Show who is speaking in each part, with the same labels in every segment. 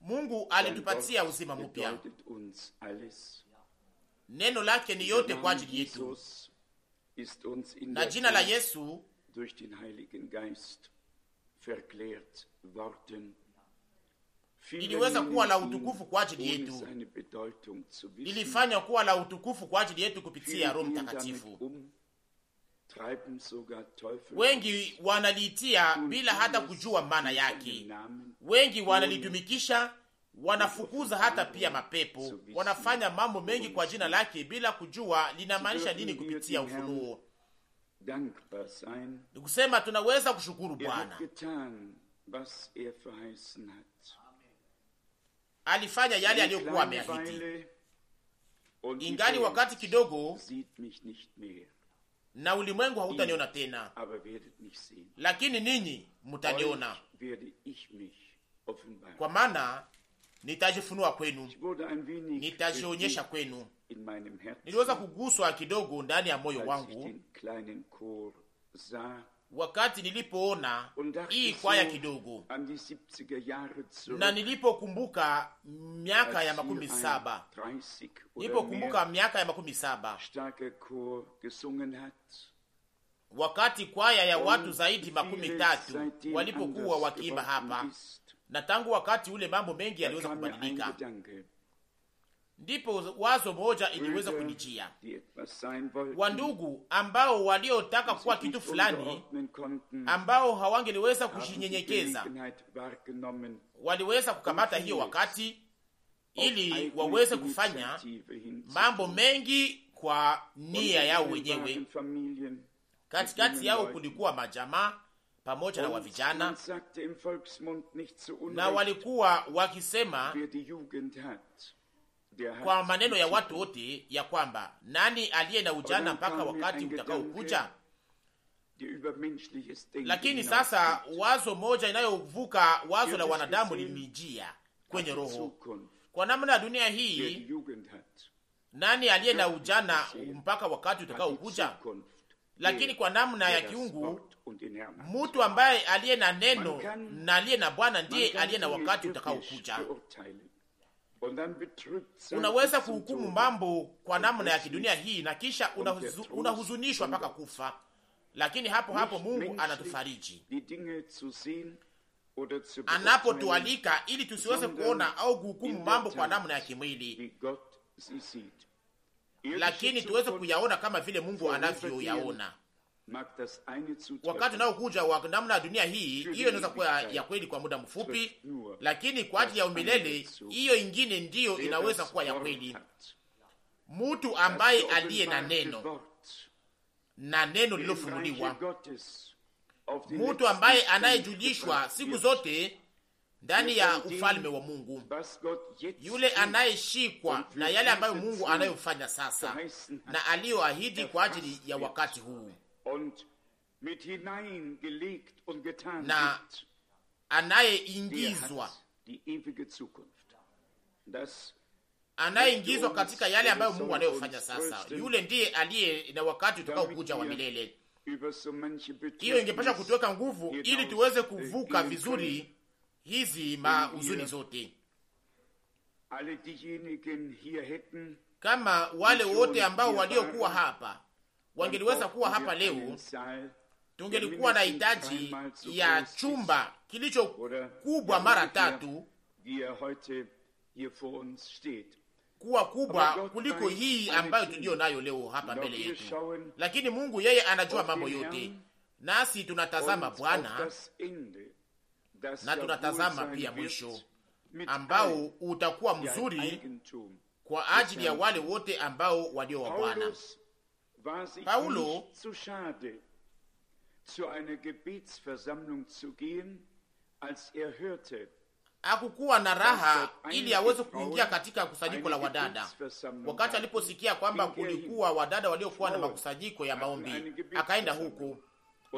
Speaker 1: Mungu alitupatia uzima mpya. Neno lake ni yote kwa ajili yetu, na jina la Yesu
Speaker 2: Iliweza kuwa la utukufu kwa ajili yetu,
Speaker 1: Ilifanya kuwa la utukufu kwa ajili yetu kupitia Roho Mtakatifu.
Speaker 2: Um, Wengi
Speaker 1: wanaliitia bila hata kujua maana yake, wengi wanalitumikisha, wanafukuza hata pia mapepo, wanafanya mambo mengi kwa jina lake bila kujua linamaanisha nini kupitia ufunuo. Ni kusema tunaweza kushukuru er Bwana
Speaker 2: er alifanya yale aliyokuwa ameahidi.
Speaker 1: Ingali wakati kidogo na ulimwengu hautaniona tena, lakini ninyi mtaniona, kwa maana nitajifunua kwenu, nitajionyesha kwenu. Niliweza kuguswa kidogo ndani ya moyo wangu wakati nilipoona hii kwaya kidogo na nilipokumbuka miaka ya makumi saba nilipokumbuka miaka ya makumi saba wakati kwaya ya watu zaidi makumi tatu walipokuwa wakiimba hapa, na tangu wakati ule mambo mengi yaliweza kubadilika ndipo wazo moja iliweza kunijia. Wandugu ambao waliotaka kuwa kitu fulani, ambao hawangeliweza kushinyenyekeza, waliweza kukamata hiyo wakati ili waweze kufanya mambo mengi kwa nia yao wenyewe. Katikati yao kulikuwa majamaa pamoja na wavijana na walikuwa wakisema
Speaker 2: kwa maneno ya watu
Speaker 1: wote ya kwamba nani aliye na ujana mpaka wakati utakaokuja. Lakini sasa wazo moja inayovuka wazo la wanadamu lilinijia kwenye roho kwa namna ya dunia hii. Nani aliye na ujana mpaka wakati utakaokuja? Lakini kwa namna ya kiungu, mtu ambaye aliye na neno na aliye na Bwana ndiye aliye na wakati utakaokuja. Unaweza kuhukumu mambo kwa namna ya kidunia hii na kisha unahuzunishwa mpaka kufa, lakini hapo hapo Mungu anatufariji anapotualika ili tusiweze kuona au kuhukumu mambo kwa namna ya kimwili, lakini tuweze kuyaona kama vile Mungu anavyoyaona wakati unaokuja wa namna ya dunia hii, hiyo inaweza kuwa ya kweli kwa muda mfupi, lakini kwa ajili ya umilele, hiyo ingine ndiyo inaweza kuwa ya kweli. Mtu ambaye aliye na neno na neno lililofunuliwa, mtu ambaye anayejulishwa siku zote ndani ya ufalme wa Mungu, yule anayeshikwa na yale ambayo Mungu anayofanya sasa na aliyoahidi kwa ajili ya wakati huu na anayeingizwa anayeingizwa katika yale ambayo Mungu anayofanya sasa, yule ndiye aliye na wakati utakao kuja wa milele. Hiyo ingepasha kutuweka nguvu ili tuweze kuvuka vizuri hizi mahuzuni zote, kama wale wote ambao waliokuwa hapa wangeliweza kuwa hapa leo, tungelikuwa na hitaji ya chumba kilicho kubwa mara tatu kuwa kubwa kuliko hii ambayo tuliyo nayo leo hapa mbele yetu, lakini Mungu yeye anajua mambo yote, nasi tunatazama Bwana
Speaker 2: na tunatazama pia mwisho
Speaker 1: ambao utakuwa mzuri kwa ajili ya wale wote ambao walio wa Bwana.
Speaker 2: Paulo
Speaker 1: er hakukuwa na raha ili aweze kuingia katika kusanyiko la wadada. Wakati aliposikia kwamba kulikuwa wadada waliokuwa na makusanyiko ya maombi, akaenda huku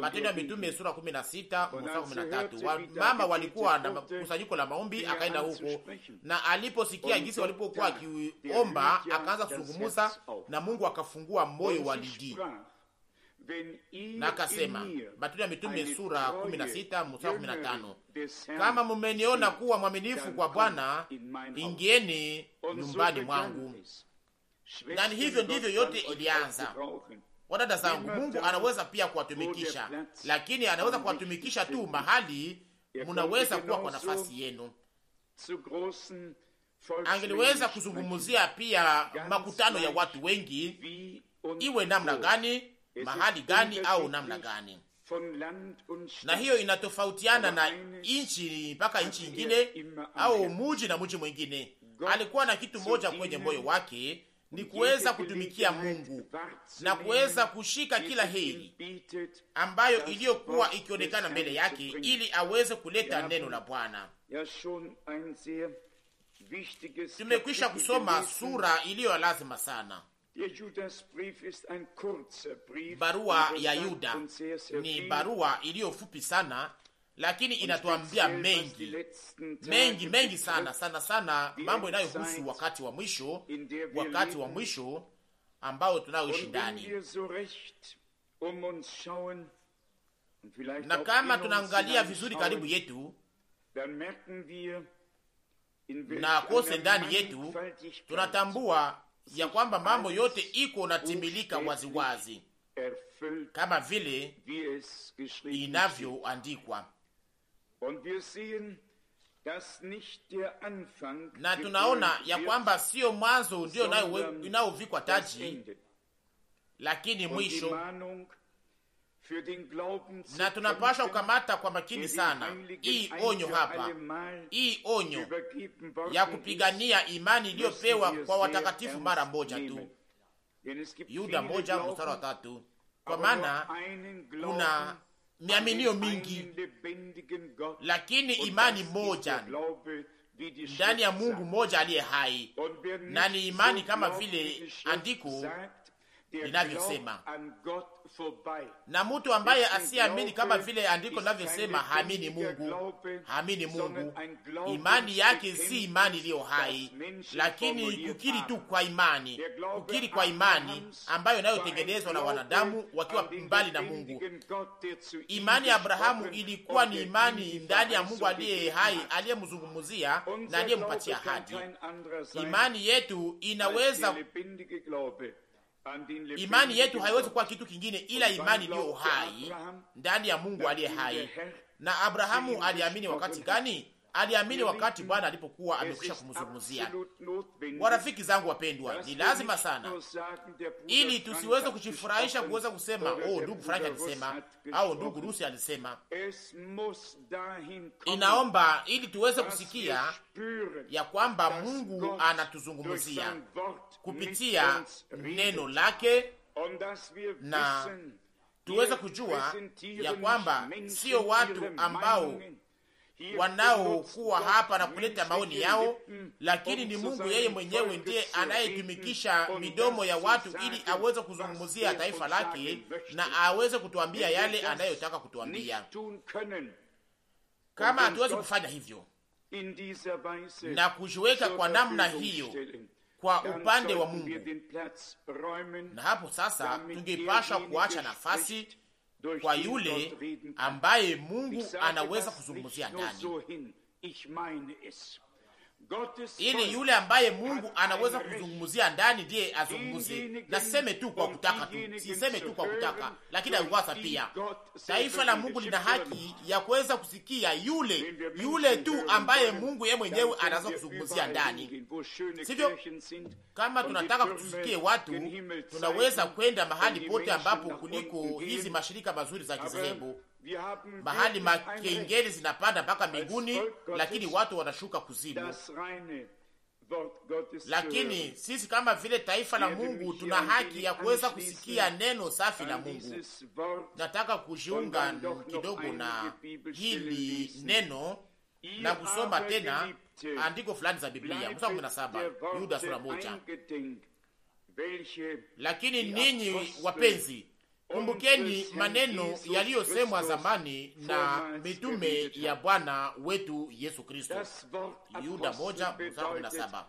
Speaker 1: Matendo ya Mitume sura 16 mstari 13. Mama walikuwa na kusanyiko la maombi, akaenda huko na aliposikia jinsi walipokuwa akiomba, akaanza kuzungumza na Mungu, akafungua moyo wa Lidi
Speaker 2: na akasema,
Speaker 1: Matendo ya Mitume sura 16 mstari 15, kama mumeniona kuwa mwaminifu kwa Bwana, ingieni nyumbani mwangu. Na hivyo ndivyo yote ilianza Wadada zangu, Mungu anaweza pia kuwatumikisha, lakini anaweza kuwatumikisha tu mahali munaweza kuwa kwa nafasi yenu. Angeliweza kuzungumzia pia makutano ya watu wengi, iwe namna gani, mahali gani, au namna gani, na hiyo inatofautiana na nchi mpaka nchi nyingine, au muji na muji mwingine. Alikuwa na kitu moja kwenye moyo wake ni kuweza kutumikia Mungu na kuweza kushika kila heri ambayo iliyokuwa ikionekana mbele yake, ili aweze kuleta neno la Bwana.
Speaker 2: Tumekwisha kusoma sura
Speaker 1: iliyo ya lazima sana. Barua ya Yuda ni barua iliyo fupi sana lakini inatuambia mengi mengi mengi sana sana sana, mambo inayohusu wakati wa mwisho, wakati wa mwisho ambao tunaoishi ndani. Um na kama tunaangalia vizuri karibu yetu na kose ndani yetu, tunatambua ya kwamba mambo yote iko natimilika waziwazi kama vile inavyoandikwa na tunaona ya kwamba siyo mwanzo ndiyo inayovikwa taji, lakini mwisho.
Speaker 2: Na tunapasha
Speaker 1: kukamata kwa makini sana hii onyo hapa, hii onyo ya kupigania imani iliyopewa kwa watakatifu mara moja tu, Yuda moja mstari wa tatu, kwa maana kuna miaminio mingi, lakini imani moja ndani ya Mungu moja aliye hai, na ni imani kama vile andiko linavyosema, na mtu ambaye asiamini kama vile andiko linavyosema haamini Mungu, haamini Mungu. Imani yake si imani iliyo hai, lakini kukiri tu kwa imani, kukiri kwa imani ambayo inayotengenezwa na wanadamu wakiwa mbali na Mungu. Imani ya Abrahamu ilikuwa ni imani ndani ya Mungu aliye hai, aliyemzungumzia na aliyempatia hadi.
Speaker 2: Imani yetu inaweza Imani yetu haiwezi
Speaker 1: kuwa kitu kingine ila imani iliyo hai ndani ya Mungu aliye hai. Na Abrahamu aliamini wakati gani? aliamini wakati Bwana alipokuwa amekwisha kumzungumzia. Warafiki zangu wapendwa, ni lazima sana, ili tusiweze kujifurahisha kuweza kusema oh, ndugu Frank alisema au ndugu Rusi alisema.
Speaker 2: Inaomba
Speaker 1: ili tuweze kusikia ya kwamba Mungu anatuzungumzia kupitia neno lake na tuweze kujua ya kwamba sio watu ambao wanaokuwa hapa na kuleta maoni yao, mm. lakini ni Mungu yeye mwenyewe ndiye anayetumikisha midomo ya watu ili aweze kuzungumzia taifa lake na aweze kutuambia yale anayotaka kutuambia. Kama hatuwezi kufanya hivyo
Speaker 2: na kujiweka kwa namna hiyo kwa upande wa Mungu,
Speaker 1: na hapo sasa tungepasha kuacha nafasi kwa yule ambaye Mungu anaweza kuzungumzia ndani ili yule ambaye Mungu anaweza kuzungumzia ndani ndiye azungumze. Nasiseme tu kwa kutaka tu, siseme tu kwa kutaka, lakini aiwasa pia. Taifa la Mungu lina haki ya kuweza kusikia yule yule tu ambaye Mungu yeye mwenyewe anaweza kuzungumzia ndani, sivyo? Kama tunataka kutusikie watu, tunaweza kwenda mahali pote ambapo kuliko hizi mashirika mazuri za kizehebu
Speaker 2: mahali makengeli
Speaker 1: zinapanda mpaka mbinguni, lakini watu wanashuka kuzimu. Lakini sisi kama vile taifa la Mungu tuna haki ya kuweza kusikia neno safi la Mungu. Nataka kujiunga kidogo na hili neno na kusoma tena andiko fulani za Biblia, mstari kumi na saba Yuda sura moja. Lakini ninyi wapenzi Kumbukeni maneno yaliyosemwa zamani na mitume ya Bwana wetu Yesu Kristo. Yuda moja mstari kumi na saba.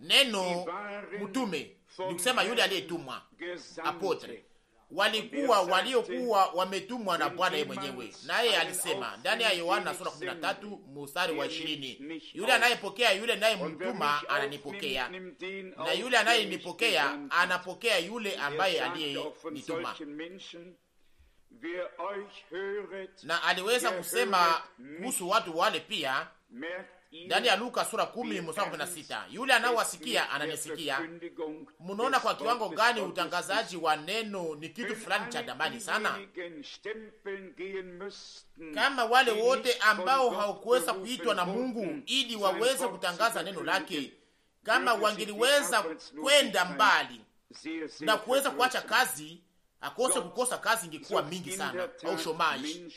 Speaker 1: Neno mtume ni kusema yule aliyetumwa, apotre walikuwa waliokuwa wametumwa na Bwana yeye mwenyewe, naye alisema ndani ya Yohana sura 13 mstari wa 20, yule anayepokea yule anayemtuma ananipokea, na yule anayenipokea anapokea yule ambaye aliyenituma. Na aliweza kusema kuhusu watu wale pia ndani ya Luka sura kumi mstari kumi na sita yule anawasikia ananisikia. Munaona kwa kiwango gani utangazaji wa neno ni kitu fulani cha damani sana,
Speaker 2: kama wale wote ambao hawakuweza kuitwa na
Speaker 1: Mungu ili waweze kutangaza neno lake, kama wangeliweza kwenda mbali na kuweza kuacha kazi, akose kukosa kazi ingekuwa mingi sana au shomaji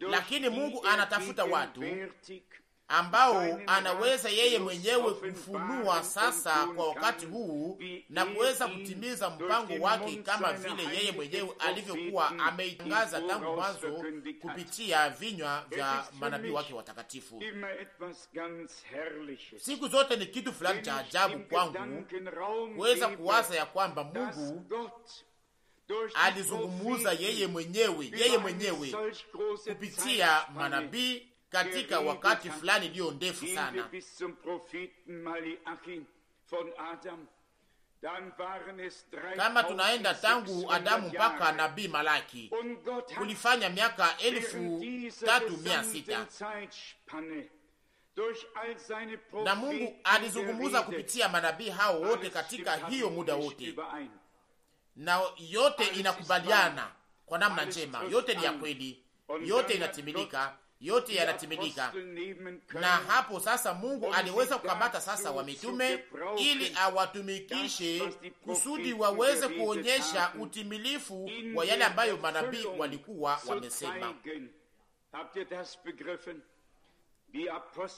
Speaker 1: lakini Mungu anatafuta watu ambao anaweza yeye mwenyewe kufunua sasa kwa wakati huu na kuweza kutimiza mpango wake kama vile yeye mwenyewe alivyokuwa ameitangaza tangu mwanzo kupitia vinywa vya manabii wake watakatifu. Siku zote ni kitu fulani cha ajabu kwangu
Speaker 2: kuweza kuwaza
Speaker 1: ya kwamba Mungu alizungumuza yeye mwenyewe, yeye mwenyewe kupitia manabii katika wakati fulani iliyo ndefu sana.
Speaker 2: Kama tunaenda tangu Adamu mpaka nabii
Speaker 1: Malaki, kulifanya miaka elfu tatu mia sita na Mungu alizungumuza kupitia manabii hao wote katika hiyo muda wote, na yote inakubaliana kwa namna njema, yote ni ya kweli, yote inatimilika yote yanatimilika. Na hapo sasa Mungu aliweza kukamata sasa wa mitume ili awatumikishe kusudi waweze kuonyesha utimilifu wa yale ambayo manabii walikuwa wamesema.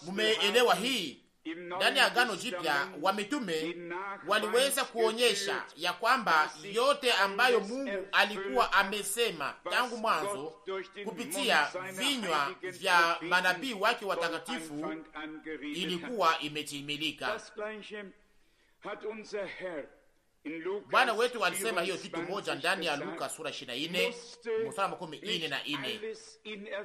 Speaker 2: Mumeelewa hii?
Speaker 1: ndani ya Agano Jipya wamitume waliweza kuonyesha ya kwamba yote ambayo Mungu alikuwa amesema tangu mwanzo kupitia vinywa vya manabii wake watakatifu ilikuwa imetimilika.
Speaker 2: Bwana wetu alisema hiyo kitu moja ndani ya Luka
Speaker 1: sura 24 mstari makumi ine na ine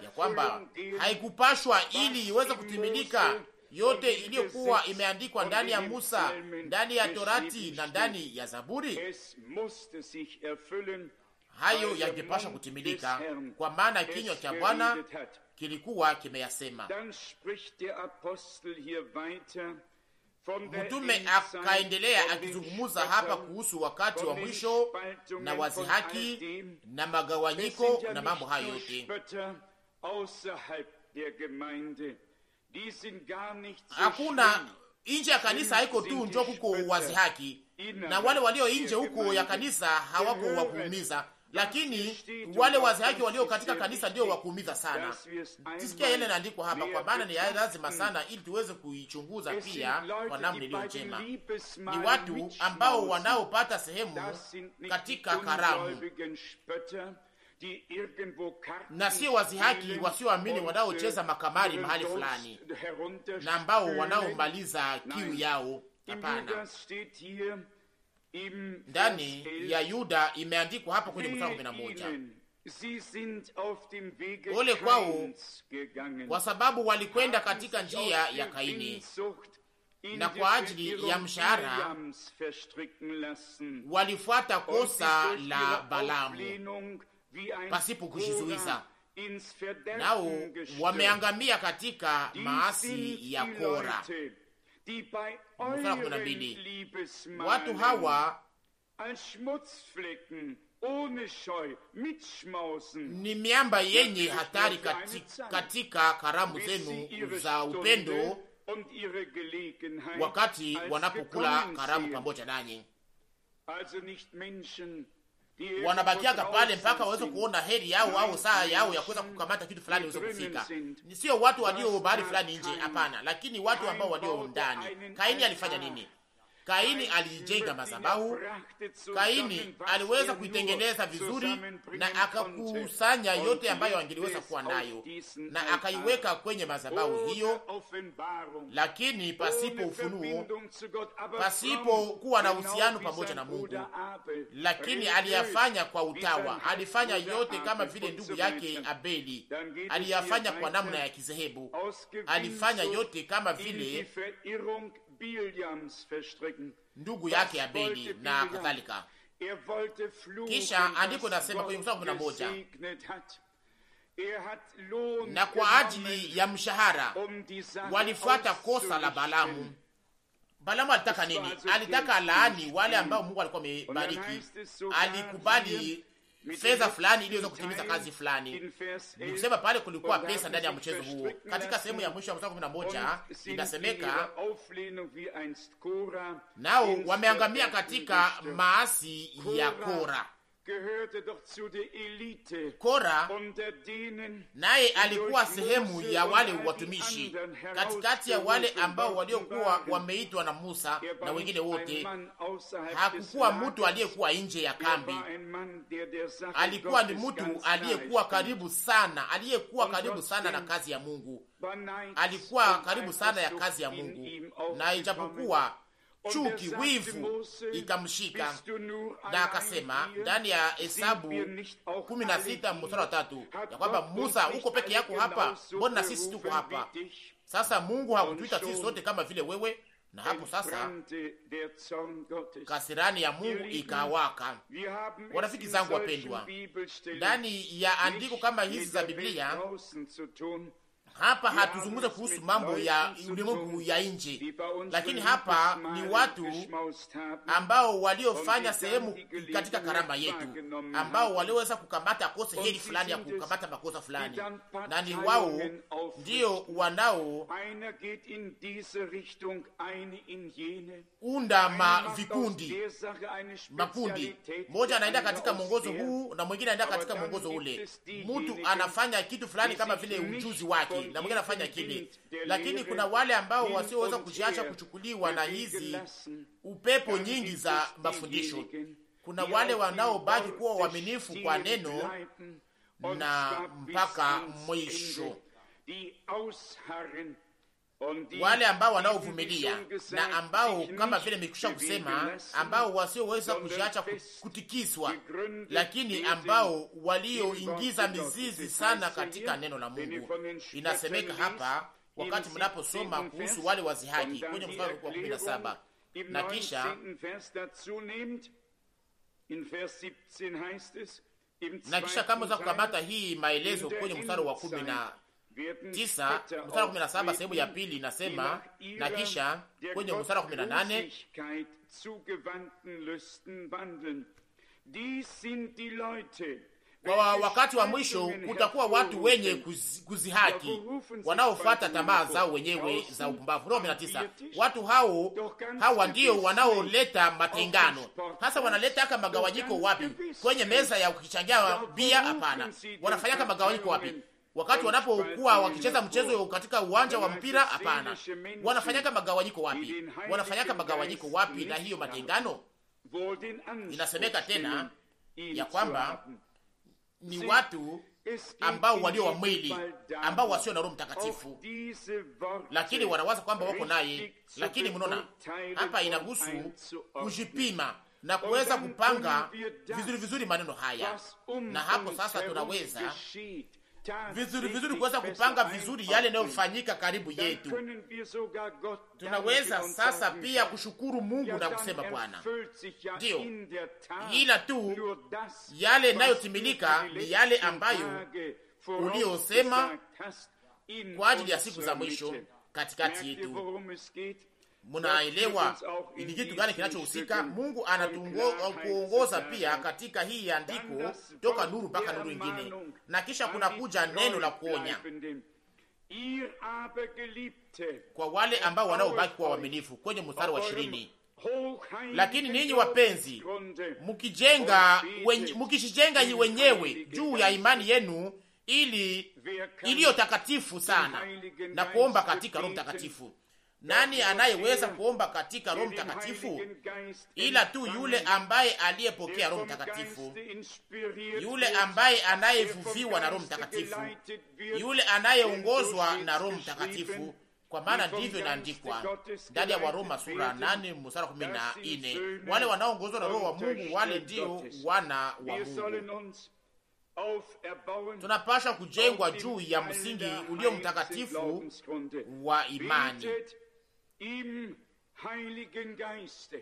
Speaker 1: ya kwamba haikupashwa ili iweze kutimilika yote iliyokuwa imeandikwa ndani ya Musa, ndani ya Torati na ndani ya Zaburi, hayo yangepasha kutimilika, kwa maana kinywa cha Bwana kilikuwa kimeyasema. Mtume akaendelea akizungumuza hapa kuhusu wakati wa mwisho
Speaker 2: na wazi haki
Speaker 1: na magawanyiko na mambo hayo yote
Speaker 2: hakuna
Speaker 1: nje ya kanisa haiko tu njo kuko wazi haki,
Speaker 2: na wale walio nje huko ya
Speaker 1: kanisa hawako wakuumiza, lakini wale um wazi haki walio katika kanisa ndio wakuumiza sana. Tisikia yale naandikwa hapa, kwa maana ni lazima sana ili tuweze kuichunguza pia kwa namna iliyo njema.
Speaker 2: Ni watu ambao
Speaker 1: wanaopata sehemu katika karamu
Speaker 2: na si wazihaki wasioamini äh, wanaocheza makamari mahali fulani na ambao wanaomaliza
Speaker 1: kiu yao. Hapana,
Speaker 2: ndani ya
Speaker 1: Yuda imeandikwa hapa kwenye mstari kumi na moja
Speaker 2: ole kwao kwa
Speaker 1: sababu walikwenda katika njia ya Kaini na kwa ajili ya mshahara
Speaker 2: walifuata kosa la balamu pasipo kujizuiza, nao wameangamia katika maasi ya Kora. Watu hawa ni miamba yenye hatari katika,
Speaker 1: katika karamu zenu za upendo, wakati wanapokula karamu pamoja nanyi wanabakiaga pale mpaka waweze kuona heri yao au saa yao ya kuweza kukamata kitu fulani waweze kufika. Sio watu walio bahari fulani nje, hapana, lakini watu ambao walio ndani. Kaini alifanya nini? Kaini aliijenga madhabahu. Kaini aliweza kuitengeneza vizuri na akakusanya yote ambayo angeliweza kuwa nayo na akaiweka kwenye madhabahu hiyo, lakini pasipo ufunuo, pasipo kuwa na uhusiano pamoja na Mungu. Lakini aliyafanya kwa utawa, alifanya yote kama vile ndugu yake Abeli aliyafanya kwa namna ya kizehebu,
Speaker 2: alifanya yote kama vile ndugu yake ya er na kadhalika. Er Kisha andiko nasema kwenye mstari na moja er na kwa ajili
Speaker 1: ya mshahara um
Speaker 2: walifuata kosa la Balamu.
Speaker 1: Balamu alitaka nini? Alitaka laani wale ambao Mungu alikuwa amebariki. Alikubali fedha fulani iliweza kutimiza kazi fulani. kusema pale kulikuwa pesa ndani ya mchezo huo. Katika sehemu ya mwisho ya mstari 11 inasemeka, nao wameangamia katika maasi ya Kora Kora naye alikuwa sehemu ya wale watumishi
Speaker 2: katikati ya wale ambao
Speaker 1: waliokuwa wameitwa na Musa er na wengine wote. Hakukuwa mtu aliyekuwa nje ya er kambi,
Speaker 2: alikuwa ni mtu
Speaker 1: aliyekuwa karibu sana, aliyekuwa karibu sana na kazi ya Mungu, alikuwa karibu sana ya kazi ya Mungu, na ijapokuwa chuki, wivu ikamshika,
Speaker 2: na akasema ndani ya Hesabu
Speaker 1: kumi na sita mstari wa tatu ya kwamba Musa, uko peke yako hapa, mbona na sisi tuko hapa? Sasa Mungu hakutuita sisi sote kama vile wewe na hapo sasa kasirani ya Mungu ikawaka. Warafiki zangu wapendwa, ndani ya andiko kama hizi za Biblia hapa hatuzungumza kuhusu mambo ya ulimwengu ya nje, lakini hapa ni watu ambao waliofanya sehemu katika karama yetu, ambao walioweza kukamata akose heri fulani ya kukamata makosa fulani, na ni wao ndio wanao unda ma vikundi makundi, moja anaenda katika mwongozo huu na mwingine anaenda katika mwongozo ule. Mtu anafanya kitu fulani kama vile ujuzi wake na mwingine anafanya kile, lakini kuna wale ambao wasioweza kujiacha kuchukuliwa na hizi upepo nyingi za mafundisho. Kuna wale wanaobaki kuwa waaminifu kwa neno
Speaker 2: na mpaka mwisho wale ambao wanaovumilia
Speaker 1: na ambao kama vile nimekwisha kusema, ambao wasioweza kujiacha kutikiswa, lakini ambao walioingiza mizizi sana katika neno la Mungu. Inasemeka hapa wakati mnaposoma kuhusu wale wazihaki kwenye mstari wa saba na kisha
Speaker 2: na kisha, kama za kukamata hii maelezo kwenye mstari wa
Speaker 1: kumi na tisa mstari kumi na saba sehemu ya pili inasema, na kisha kwenye mstari kumi na nane kwa wakati wa mwisho kutakuwa watu wenye kuzi, wanaofata tamaa zao wenyewe za upumbavu. Roho tisa, watu hao hawa ndio wanaoleta matengano, hasa wanaleta aka magawanyiko wapi? Kwenye meza ya kukichangia bia? Hapana, wanafanyaka magawanyiko wapi? wakati wanapokuwa wakicheza mchezo katika uwanja wa mpira? Hapana, wanafanyaka magawanyiko wapi? Wanafanyaka magawanyiko wapi? Na hiyo matengano
Speaker 2: inasemeka tena ya kwamba ni watu ambao walio wa mwili ambao wasio na Roho Mtakatifu, lakini wanawaza kwamba wako naye. Lakini mnaona hapa
Speaker 1: inahusu kujipima na kuweza kupanga vizuri vizuri maneno haya, na hapo sasa tunaweza vizuri vizuri, kuweza kupanga vizuri yale yanayofanyika karibu yetu. Oh Tunaweza sasa pia kushukuru Mungu na kusema Bwana, ndiyo, ila tu yale yanayotimilika ni yale ambayo uliyosema kwa ajili ya siku za mwisho katikati yetu. Munaelewa ni kitu gani kinachohusika? Mungu anatuongoza pia katika hii andiko toka nuru mpaka nuru ingine, na kisha kuna kuja neno la kuonya kwa wale ambao wanaobaki kuwa waaminifu kwenye mstari wa ishirini. Lakini ninyi wapenzi, mkijenga oh, mkishijenga wenyewe juu ya imani yenu ili iliyo takatifu sana na kuomba katika Roho Mtakatifu nani anayeweza kuomba katika Roho Mtakatifu ila tu yule ambaye aliyepokea Roho Mtakatifu, yule ambaye anayevuviwa na Roho Mtakatifu, yule anayeongozwa na Roho Mtakatifu, kwa maana ndivyo inaandikwa ndani ya Waroma sura 8 mstari kumi na nne wale wanaoongozwa na Roho wa Mungu wale ndio wana wa Mungu. Tunapasha kujengwa juu ya msingi ulio mtakatifu wa imani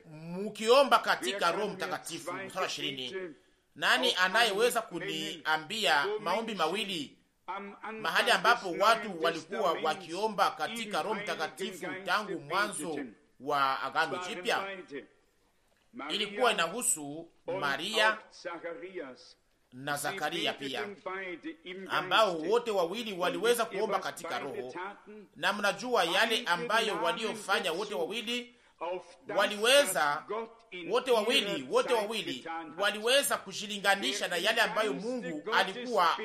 Speaker 1: mukiomba katika Roho Mtakatifu. Sura ishirini, nani anayeweza kuniambia maombi mawili
Speaker 2: mahali ambapo watu walikuwa
Speaker 1: wakiomba katika Roho Mtakatifu tangu mwanzo wa Agano Jipya? Ilikuwa inahusu Maria na Zakaria pia,
Speaker 2: ambao wote
Speaker 1: wawili waliweza kuomba katika Roho, na mnajua yale ambayo waliofanya wote wawili waliweza wote wawili wote wawili waliweza kujilinganisha na yale ambayo Mungu alikuwa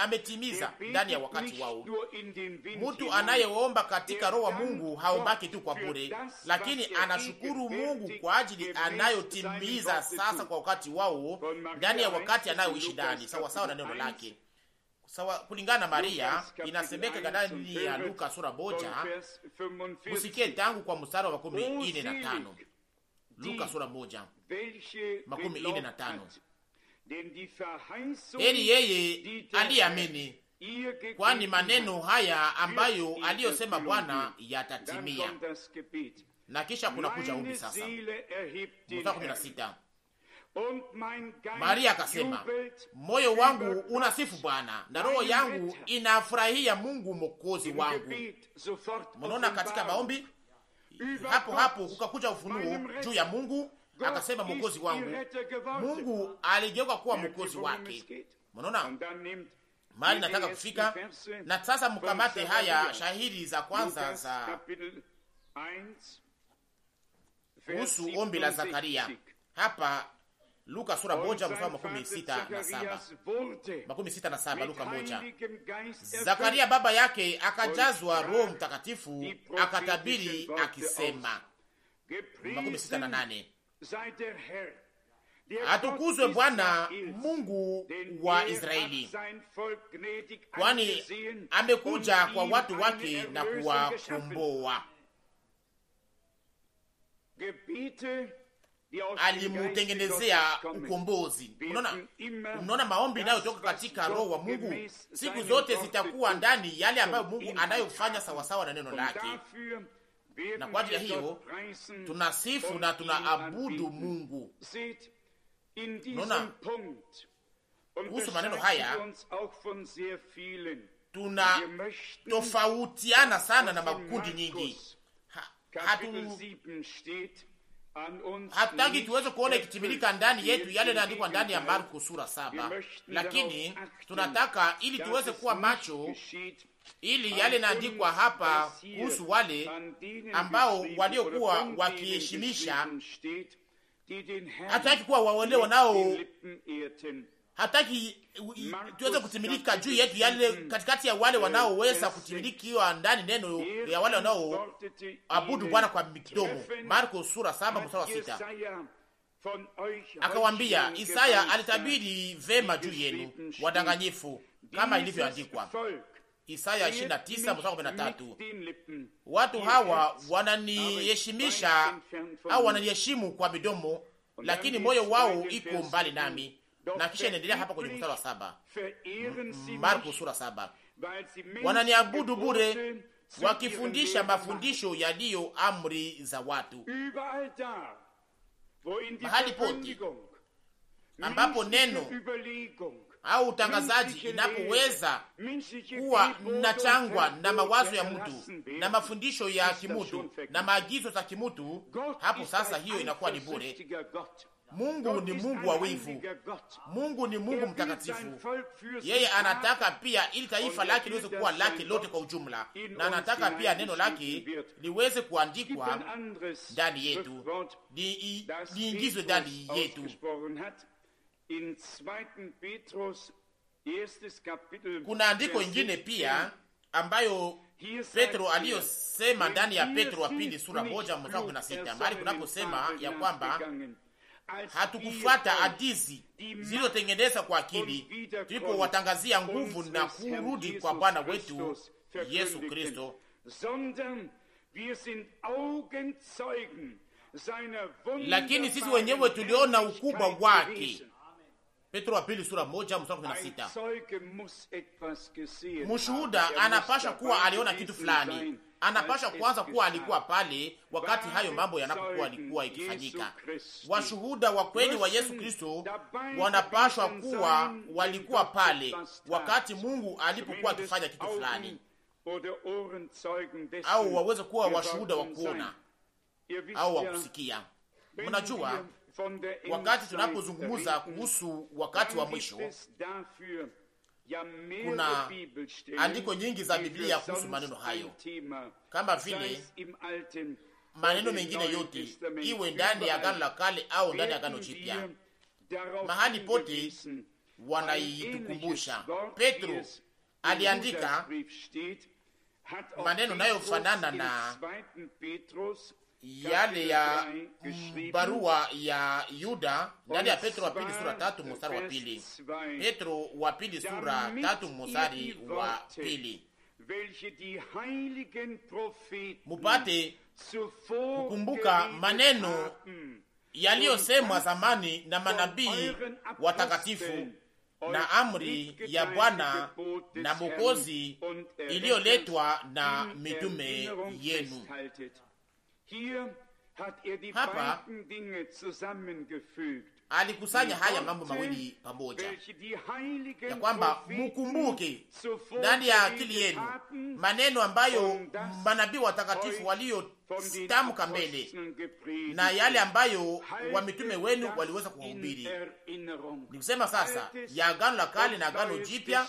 Speaker 1: ametimiza ndani ya wakati wao.
Speaker 2: Mtu anayeomba
Speaker 1: katika roho wa Mungu haombaki tu kwa bure, lakini anashukuru Mungu kwa ajili anayotimiza sasa kwa wakati wao, ndani ya wakati anayoishi ndani, sawasawa na neno lake sawa kulingana na Maria inasemeka ndani ya Luka sura moja, usikie tangu kwa mstari wa makumi ine na tano. Luka sura moja
Speaker 2: makumi ine na tano. Heri yeye aliamini, kwani maneno haya ambayo
Speaker 1: aliyosema Bwana yatatimia. Na kisha kuna kuja ombi sasa,
Speaker 2: mstari wa kumi na sita Maria akasema,
Speaker 1: moyo wangu unasifu Bwana na roho yangu inafurahia Mungu mokozi wangu. Mnaona, katika maombi hapo hapo kukakuja ufunuo juu ya Mungu, akasema mokozi wangu. Mungu aligeuka kuwa mokozi wake. Mnaona mahali nataka kufika, na sasa mkamate haya shahidi za kwanza za
Speaker 2: kuhusu ombi la Zakaria
Speaker 1: hapa Luka sura moja mstari makumi sita na saba makumi sita na saba Luka moja. Zakaria baba yake akajazwa Roho Mtakatifu akatabiri akisema makumi sita na nane Atukuzwe Bwana Mungu wa er Israeli, kwani amekuja kwa watu wake na kuwakomboa alimutengenezea ukombozi. Unaona, unaona maombi inayotoka katika roho wa Mungu siku zote zitakuwa ndani yale ambayo Mungu anayofanya sawasawa na neno lake, na kwa ajili ya hiyo
Speaker 2: tunasifu na
Speaker 1: tunaabudu Mungu. Unaona, kuhusu maneno haya tunatofautiana sana na makundi nyingi ha, hatu hatutaki tuweze kuona ikitimilika ndani yetu yale yanaandikwa ndani ya Marko sura saba, lakini tunataka ili tuweze kuwa macho, ili yale yanaandikwa hapa kuhusu wale ambao waliokuwa wakiheshimisha, hatutaki kuwa waolewa nao hataki tuweze kutimilika juu yetu yale katikati ya wale wanaoweza kutimilikiwa ndani neno ya wale wanaoabudu Bwana kwa midomo. Marko sura saba mstari wa sita
Speaker 2: akawambia, Isaya alitabiri
Speaker 1: vema juu yenu wadanganyifu, kama ilivyoandikwa Isaya 29:13 watu hawa wananiheshimisha au wananiheshimu kwa midomo, er lakini moyo wao iko mbali nami na kisha inaendelea hapa kwenye mstari wa saba, Marko sura saba.
Speaker 2: Wananiabudu bure
Speaker 1: wakifundisha mafundisho yaliyo amri za watu.
Speaker 2: Mahali pote
Speaker 1: ambapo neno au utangazaji inapoweza kuwa nachangwa na mawazo ya mtu na mafundisho ya kimutu na maagizo za kimutu, hapo sasa hiyo inakuwa ni bure. Mungu ni Mungu wa wivu, Mungu ni Mungu mtakatifu.
Speaker 2: Yeye anataka
Speaker 1: pia ili taifa lake liweze kuwa lake lote kwa ujumla, na anataka pia neno lake liweze kuandikwa ndani yetu, liingizwe ndani yetu.
Speaker 2: Kuna andiko ingine pia
Speaker 1: ambayo Petro aliyosema ndani ya Petro wa pili sura moja mstari kumi na sita mahali kunaposema ya kwamba hatukufuata hadithi zilizotengeneza kwa akili, tulipo watangazia nguvu na kurudi kwa Bwana wetu Yesu Kristo,
Speaker 2: lakini sisi wenyewe tuliona
Speaker 1: ukubwa wake. Petro wa pili sura moja mstari kumi na sita. Mshuhuda er anapasha kuwa aliona kitu fulani anapasha kwanza kuwa alikuwa pale wakati hayo mambo yanapokuwa alikuwa ikifanyika. Washuhuda wa kweli wa Yesu Kristo wanapashwa kuwa walikuwa pale wakati Mungu alipokuwa akifanya kitu fulani,
Speaker 2: au waweze kuwa washuhuda wa kuona au wa kusikia. Mnajua, wakati tunapozungumza
Speaker 1: kuhusu wakati wa mwisho kuna andiko nyingi za Biblia kuhusu maneno hayo, kama vile maneno mengine yote, iwe ndani ya Agano la Kale au ndani ya Agano Jipya, mahali pote wanaitukumbusha. Petro aliandika
Speaker 2: maneno nayofanana na
Speaker 1: yale ya barua ya Yuda ndani ya Petro wa pili sura tatu mstari wa pili Petro wa pili sura tatu mstari wa pili
Speaker 2: mupate
Speaker 1: kukumbuka maneno yaliyosemwa zamani na manabii watakatifu na amri ya Bwana na Mokozi iliyoletwa na mitume yenu.
Speaker 2: Er Hapa alikusanya haya mambo mawili pamoja,
Speaker 1: ya kwamba mukumbuke ndani ya akili yenu maneno ambayo um, manabii watakatifu waliotamka mbele na yale ambayo wamitume wenu waliweza kuhubiri Ni kusema sasa ya Agano la Kale na Agano Jipya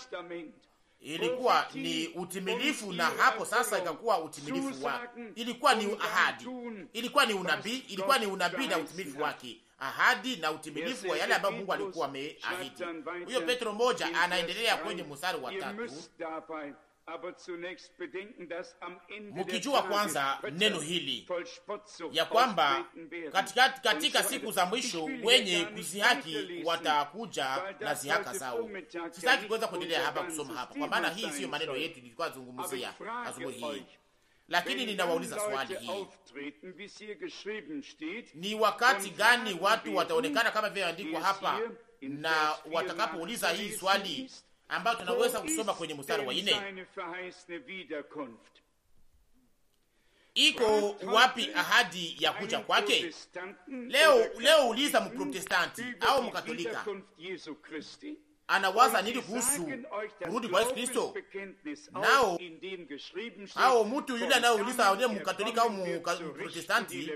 Speaker 1: ilikuwa ni utimilifu, na hapo sasa ikakuwa utimilifu wa, ilikuwa ni ahadi, ilikuwa ni unabii, ilikuwa ni unabii na utimilifu wake, ahadi na utimilifu wa yale ambayo Mungu alikuwa ameahidi. Huyo Petro moja anaendelea kwenye mstari wa tatu
Speaker 2: mukijua kwanza neno hili
Speaker 1: ya kwamba katika, katika siku za mwisho wenye kuzihaki watakuja na zihaka zao. Sitaki kuweza kuendelea hapa kusoma hapa, kwa maana hii siyo maneno yetu ilikuwa zungumzia asubuhi hii, lakini ninawauliza swali hii, ni wakati gani watu wataonekana hm, kama vile andikwa hapa, na watakapouliza hii swali ambayo tunaweza kusoma kwenye mstari wa nne. Iko wapi ahadi ya kuja kwake? Leo leo uliza Mprotestanti au Mkatolika
Speaker 2: anawaza nini kuhusu kurudi kwa Yesu Kristo?
Speaker 1: Nao au mtu yule anayeuliza ndiye mkatolika au mprotestanti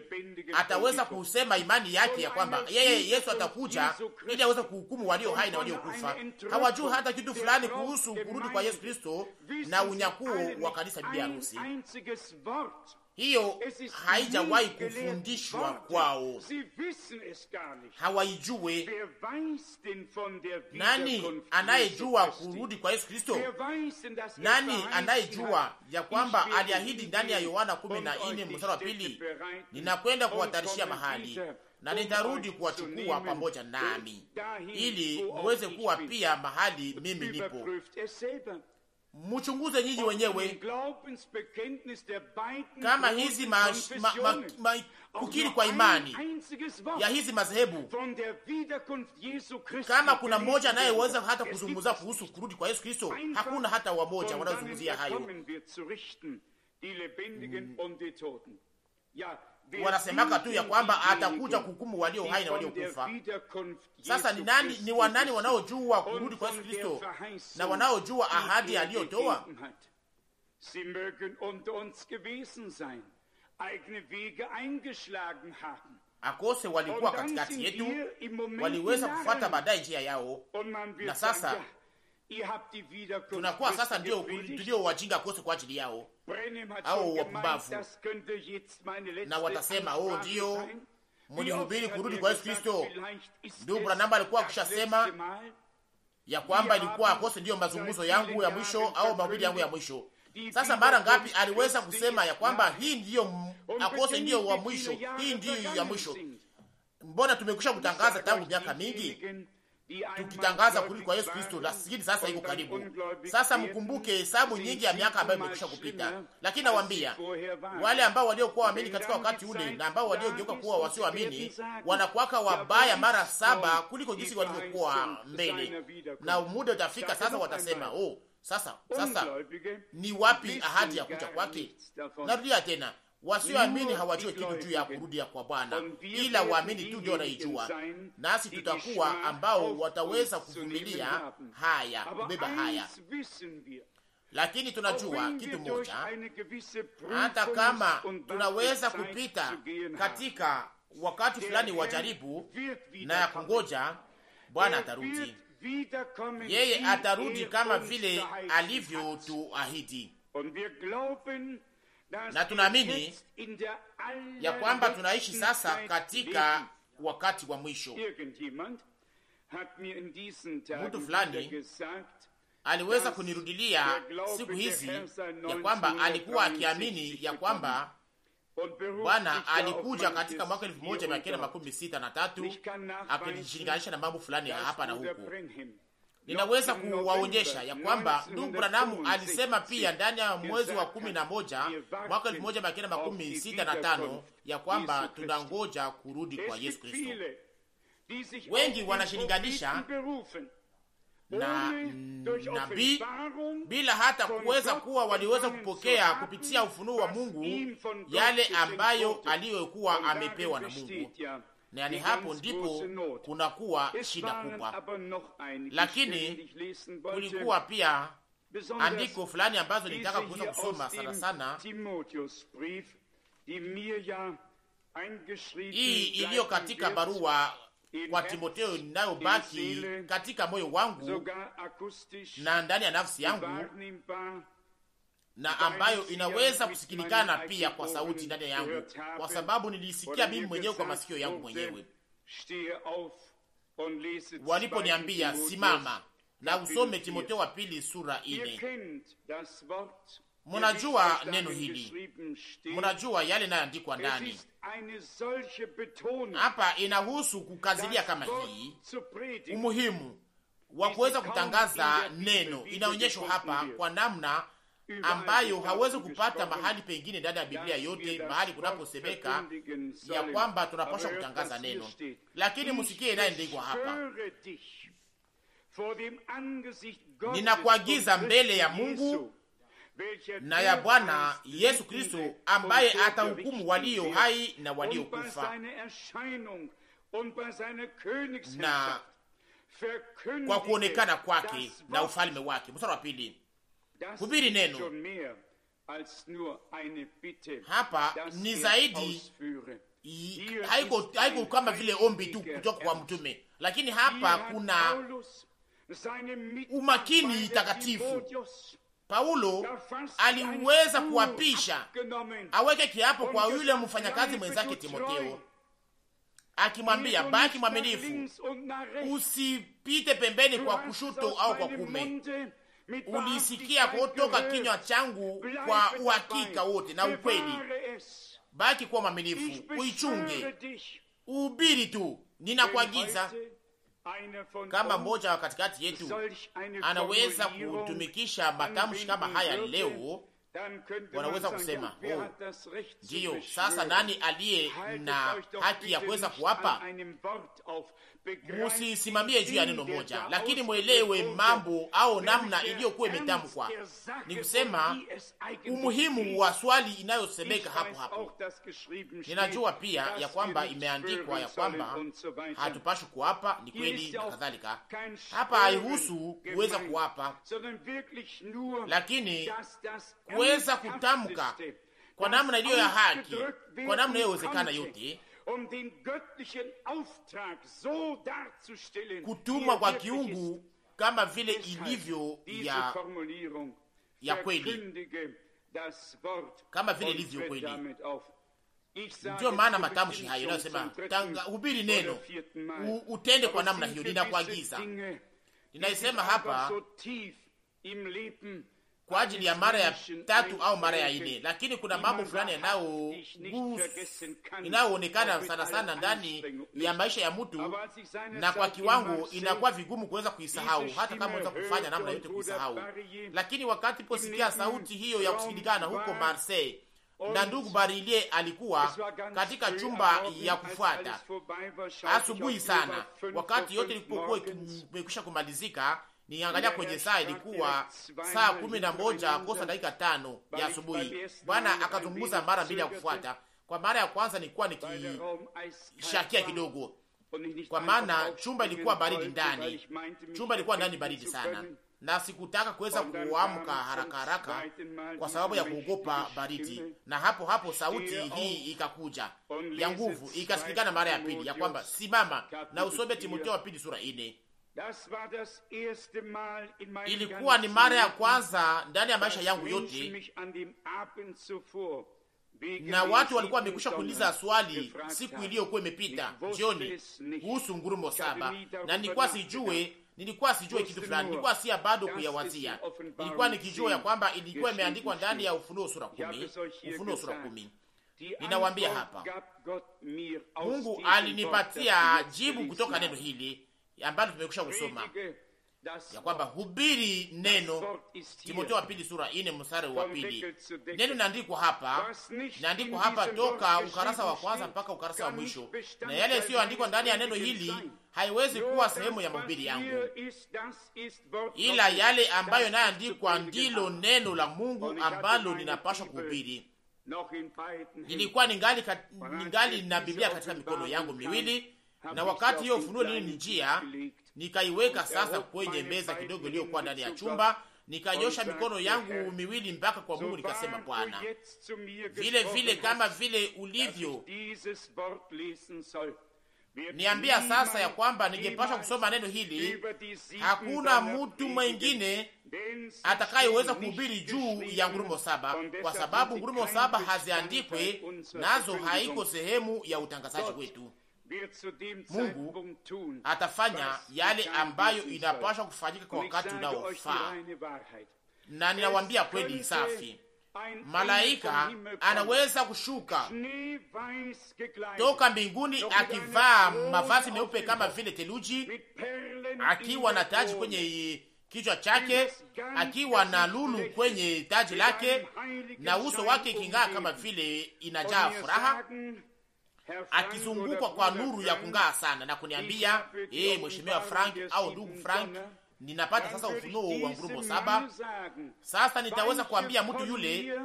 Speaker 1: ataweza kusema imani yake ya kwamba yeye Yesu atakuja ili aweze kuhukumu walio hai na waliokufa. Hawajui hata kitu fulani kuhusu kurudi kwa Yesu Kristo na unyakuo wa kanisa bibi harusi hiyo haijawahi kufundishwa kwao,
Speaker 2: hawaijue. Nani anayejua kurudi kwa Yesu Kristo?
Speaker 1: Nani anayejua ya kwamba aliahidi ndani ya Yohana kumi na nne mstari wa pili, ninakwenda kuwatarishia mahali na nitarudi kuwachukua pamoja nami, ili muweze kuwa pia mahali mimi nipo. Mchunguze nyinyi wenyewe
Speaker 2: kama hizi ma, ma, ma, ma, kukiri kwa imani ya hizi madhehebu,
Speaker 1: kama kuna mmoja anayeweza hata kuzungumza kuhusu kurudi kwa Yesu Kristo, hakuna hata wamoja wanaozungumzia hayo wanasemaka tu ya kwamba atakuja kuhukumu walio hai na waliokufa. Sasa ni nani, ni wanani wanaojua kurudi kwa Yesu Kristo na wanaojua ahadi aliyotoa? Akose walikuwa katikati yetu, waliweza kufuata baadaye njia yao, na sasa
Speaker 2: tunakuwa sasa ndio tulio
Speaker 1: wajinga kose kwa ajili yao
Speaker 2: au wapumbavu, na watasema oh, ndio
Speaker 1: mlihubiri kurudi kwa Yesu Kristo. Ndugu Branamba alikuwa akishasema ya kwamba ilikuwa akose ndiyo mazunguzo yangu ya mwisho au mahubiri yangu ya mwisho. Sasa mara ngapi aliweza kusema ya kwamba hii ndiyo akose ndiyo wa mwisho, hii ndiyo ya mwisho? Mbona tumekwisha kutangaza tangu miaka mingi tukitangaza kurudi kwa Yesu Kristo, lakini sasa iko karibu. Sasa mkumbuke hesabu nyingi ya miaka ambayo imekwisha kupita, lakini nawaambia wale ambao waliokuwa waamini katika wakati ule na ambao waliogeuka kuwa wasioamini wanakuwaka wabaya mara saba kuliko jinsi walivyokuwa mbele, na muda utafika sasa watasema oh, sasa oh, sasa ni wapi ahadi ya kuja kwake? Narudia tena Wasioamini hawajui kitu juu ya kurudi kwa Bwana, ila waamini tu ndio wanaijua, nasi tutakuwa ambao wataweza kuvumilia haya, kubeba haya. Lakini tunajua kitu moja,
Speaker 2: hata kama tunaweza
Speaker 1: kupita katika wakati fulani wa jaribu na ya kungoja, Bwana atarudi.
Speaker 2: Yeye atarudi kama vile
Speaker 1: alivyotuahidi na tunaamini
Speaker 2: ya kwamba tunaishi sasa katika
Speaker 1: wakati wa mwisho. Mtu fulani aliweza kunirudilia siku hizi ya kwamba alikuwa akiamini ya kwamba Bwana alikuja katika mwaka elfu moja mia kenda makumi sita na tatu akijilinganisha na mambo fulani hapa na huku ninaweza kuwaonyesha ya kwamba ndugu Branamu alisema pia ndani ya mwezi wa kumi na moja mwaka elfu moja mia kenda makumi sita na tano ya kwamba tunangoja kurudi kwa Yesu Kristo. Wengi wanashilinganisha na nabii bila hata kuweza kuwa waliweza kupokea kupitia ufunuo wa Mungu yale ambayo aliyokuwa amepewa na Mungu yani hapo ndipo kunakuwa shida kubwa.
Speaker 2: Lakini kulikuwa pia andiko fulani ambazo nitaka kuweza kusoma sana sana,
Speaker 1: hii iliyo katika barua kwa timoteo inayobaki katika moyo wangu na ndani ya nafsi yangu na ambayo inaweza kusikilikana pia kwa sauti ndani yangu, kwa sababu nilisikia mimi mwenyewe kwa masikio yangu mwenyewe waliponiambia simama na usome Timoteo wa pili sura ine.
Speaker 2: Munajua neno hili,
Speaker 1: munajua yale inayoandikwa ndani hapa. Inahusu kukazilia kama hii, umuhimu wa kuweza kutangaza neno inaonyeshwa hapa kwa namna ambayo hawezi kupata mahali pengine ndani ya Biblia yote, mahali kunaposemeka ya kwamba tunapaswa kutangaza neno. Lakini msikie inayeandikwa hapa, ninakuagiza mbele ya Mungu na ya Bwana Yesu Kristo, ambaye atahukumu walio hai na waliokufa
Speaker 2: na kwa kuonekana kwake na
Speaker 1: ufalme wake. Mstari wa pili hubiri neno. Hapa ni zaidi, haiko haiko kama vile ombi tu kutoka kwa mtume, lakini hapa kuna umakini takatifu. Paulo aliweza kuwapisha aweke kiapo kwa yule mfanyakazi mwenzake Timotheo, akimwambia baki mwaminifu, usipite pembeni kwa kushoto au kwa kume ulisikia kutoka kinywa changu kwa uhakika wote na ukweli. Baki kuwa mwaminifu, uichunge, uhubiri tu. Ninakuagiza
Speaker 2: kama mmoja
Speaker 1: wa katikati yetu anaweza kutumikisha matamshi kama haya leo,
Speaker 2: wanaweza kusema ndiyo. Oh, sasa nani aliye na haki ya kuweza kuwapa? musisimamie
Speaker 1: juu ya neno moja, lakini mwelewe mambo au namna iliyokuwa imetamkwa. Ni kusema
Speaker 2: umuhimu
Speaker 1: wa swali inayosemeka hapo hapo. Ninajua pia ya kwamba imeandikwa ya kwamba hatupashi kuapa, ni kweli na kadhalika. Hapa haihusu kuweza kuapa, lakini kuweza kutamka kwa namna iliyo ya haki, kwa namna inayowezekana yote Um kutumwa er kwa kiungu kama vile ilivyo ya, ya kweli kama vile ilivyo kweli. Ndio maana matamshi hayo tanga hubiri neno u, utende kwa namna hiyo, ninakuagiza ninaisema hapa kwa ajili ya mara ya tatu au mara ya ine, lakini kuna mambo fulani inayoonekana sana sana ndani ya maisha ya mtu, na kwa kiwango inakuwa vigumu kuweza kuisahau, hata kama unaweza kufanya namna yote kuisahau. Lakini wakati posikia sauti hiyo ya kusindikana huko Marseille na ndugu Barilie alikuwa katika chumba ya kufuata asubuhi sana, wakati yote ilipokuwa imekwisha kumalizika niangalia kwenye saa, ilikuwa saa kumi na moja kosa dakika tano ya asubuhi. Bwana akazungumza mara mbili ya kufuata. Kwa mara ya kwanza nilikuwa
Speaker 2: nikishakia
Speaker 1: kidogo, kwa maana chumba ilikuwa baridi ndani, chumba ilikuwa ndani baridi sana, na sikutaka kuweza kuamka haraka haraka kwa sababu ya kuogopa baridi. Na hapo hapo sauti hii ikakuja ya nguvu, ikasikilikana mara ya pili ya kwamba simama na usome Timotheo wa pili sura ine
Speaker 2: Ilikuwa ni mara ya
Speaker 1: kwanza ndani ya maisha yangu yote,
Speaker 2: na watu walikuwa wamekwisha
Speaker 1: kuuliza swali siku iliyokuwa imepita jioni kuhusu ngurumo saba, na nilikuwa sijue nilikuwa sijue kitu fulani, nilikuwa sia bado kuyawazia. Nilikuwa nikijua ya kwamba ilikuwa imeandikwa ndani ya Ufunuo sura kumi, Ufunuo sura kumi. Ninawambia hapa,
Speaker 2: Mungu alinipatia jibu kutoka neno
Speaker 1: hili ambalo tumekwisha kusoma ya kwamba hubiri neno. Timotheo wa pili sura ine mstari wa pili. Neno inaandikwa hapa, inaandikwa hapa toka ukarasa wa kwanza mpaka ukarasa wa mwisho, na yale yasiyoandikwa ndani ya neno hili haiwezi kuwa sehemu ya mahubiri yangu,
Speaker 2: ila yale ambayo
Speaker 1: inayoandikwa ndilo neno la Mungu ambalo ninapashwa kuhubiri. Nilikuwa ningali, ningali na Biblia katika mikono yangu miwili na wakati hiyo ufunuo ni njia, nikaiweka sasa kwenye meza kidogo iliyokuwa ndani ya chumba, nikanyosha mikono yangu miwili mpaka kwa Mungu nikasema, Bwana, vile vile kama vile ulivyo niambia sasa ya kwamba ningepasha kusoma neno hili. Hakuna mtu mwengine atakayeweza kuhubiri juu ya ngurumo saba, kwa sababu ngurumo saba haziandikwe nazo, haiko sehemu ya utangazaji wetu. Mungu atafanya yale ambayo inapaswa kufanyika kwa wakati unaofaa, na ninawambia kweli safi, malaika anaweza kushuka toka mbinguni akivaa mavazi meupe kama vile theluji, akiwa na taji kwenye kichwa chake, akiwa na lulu kwenye taji lake, na uso wake iking'aa kama vile inajaa furaha akizungukwa kwa nuru ya kung'aa sana, na kuniambia eh, mheshimiwa Frank au ndugu Frank, ninapata sasa ufunuo wa ngurumo saba. Sasa nitaweza kuambia mtu yule,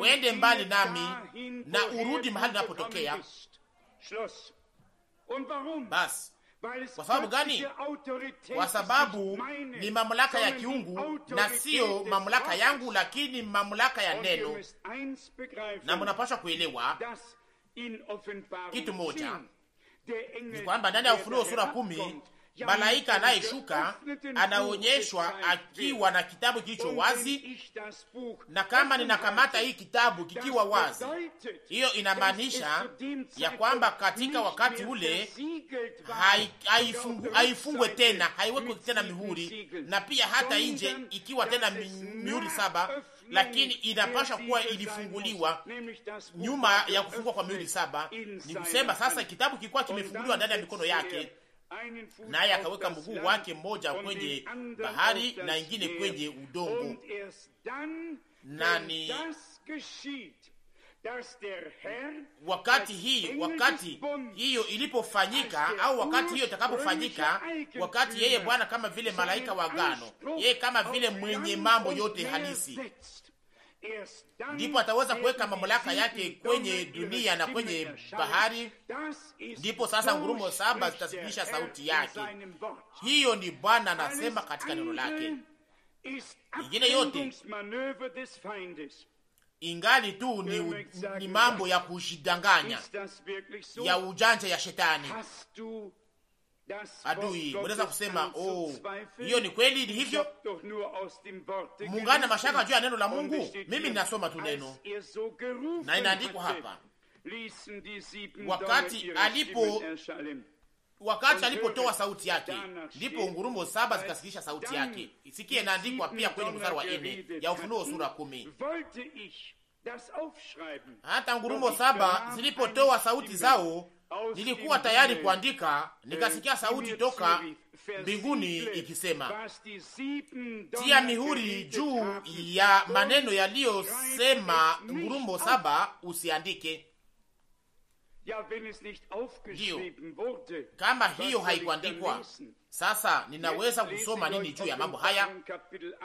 Speaker 1: wende mbali nami na urudi mahali napotokea. Basi kwa sababu gani? Kwa sababu ni mamlaka ya kiungu na siyo mamlaka yangu, lakini mamlaka ya neno, na mnapaswa kuelewa kitu moja ni kwamba ndani ya Ufunuo sura kumi malaika anayeshuka anaonyeshwa akiwa na kitabu kilicho wazi, na kama ninakamata hii kitabu kikiwa wazi, hiyo inamaanisha ya kwamba katika wakati ule haifungwe hai tena haiwekwe tena mihuri, na pia hata nje ikiwa tena mihuri saba lakini inapasha kuwa ilifunguliwa nyuma ya kufungwa kwa miuli saba. Ni kusema sasa kitabu kilikuwa kimefunguliwa ndani ya mikono yake,
Speaker 2: naye akaweka mguu wake mmoja kwenye bahari na ingine kwenye udongo
Speaker 1: nani wakati hii wakati hiyo ilipofanyika au wakati hiyo itakapofanyika, wakati yeye Bwana kama vile malaika wa agano, yeye kama vile mwenye mambo yote halisi, ndipo ataweza kuweka mamlaka yake kwenye dunia na kwenye bahari. Ndipo sasa ngurumo saba zitasikilisha sauti yake. Hiyo ni Bwana anasema katika neno lake. Ingine yote ingali tu ni, ni mambo ya kujidanganya ya ujanja ya shetani adui. Unaweza kusema oh,
Speaker 2: hiyo ni kweli, ni hivyo? Mungana mashaka juu ya neno la Mungu. Mimi ninasoma tu neno na inaandikwa hapa, wakati alipo
Speaker 1: wakati alipotoa sauti yake, ndipo ngurumo saba zikasikisha sauti yake. Sikie, inaandikwa pia kwenye mstari wa nne ya Ufunuo sura kumi
Speaker 2: hata ngurumo saba zilipotoa sauti zao Nilikuwa tayari kuandika,
Speaker 1: nikasikia eh, sauti toka
Speaker 2: mbinguni ikisema, tia mihuri
Speaker 1: juu ya maneno yaliyosema ngurumbo saba, usiandike Ja, nicht aufgeschrieben wurde, kama hiyo haikuandikwa, sasa ninaweza kusoma nini juu ya mambo haya?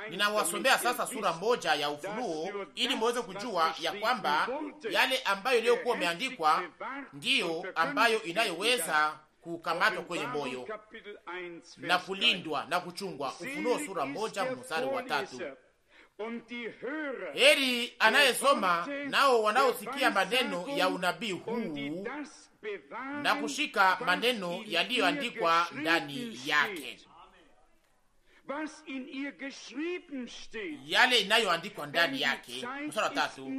Speaker 2: Ninawasomea sasa sura
Speaker 1: moja ya Ufunuo ili muweze kujua ya kwamba yale ambayo iliyokuwa imeandikwa ndiyo ambayo inayoweza kukamatwa kwenye moyo na kulindwa na kuchungwa. Ufunuo sura moja mstari wa tatu. Heri anayesoma nao wanaosikia maneno ya unabii huu na kushika maneno yaliyoandikwa ndani yake,
Speaker 2: yale inayoandikwa ndani yake. Mstari tatu,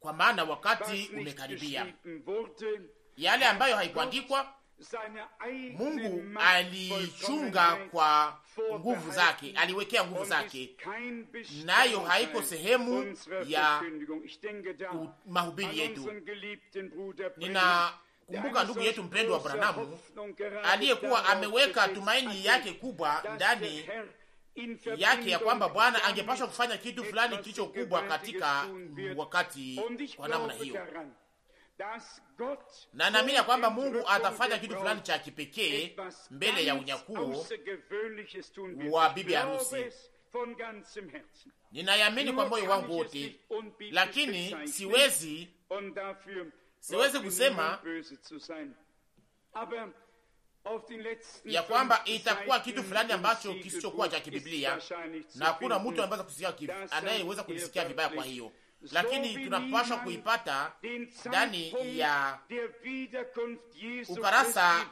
Speaker 1: kwa maana wakati umekaribia. Yale ambayo haikuandikwa Mungu alichunga kwa nguvu zake, aliwekea nguvu zake, nayo haiko sehemu ya mahubiri yetu. Ninakumbuka ndugu yetu mpendwa Branamu aliyekuwa ameweka tumaini yake kubwa ndani
Speaker 2: yake ya kwamba
Speaker 1: Bwana angepashwa kufanya kitu fulani kilicho kubwa katika wakati kwa namna hiyo na naamini ya kwamba Mungu atafanya kitu fulani cha kipekee mbele ya unyakuo
Speaker 2: wa bibi harusi. Ninayamini kwa moyo wangu wote, lakini siwezi
Speaker 1: siwezi kusema ya kwamba itakuwa kitu fulani ambacho kisichokuwa cha kibiblia, na hakuna mtu anayeweza kusikia vibaya. Kwa hiyo
Speaker 2: lakini tunapashwa kuipata
Speaker 1: ndani ya ukarasa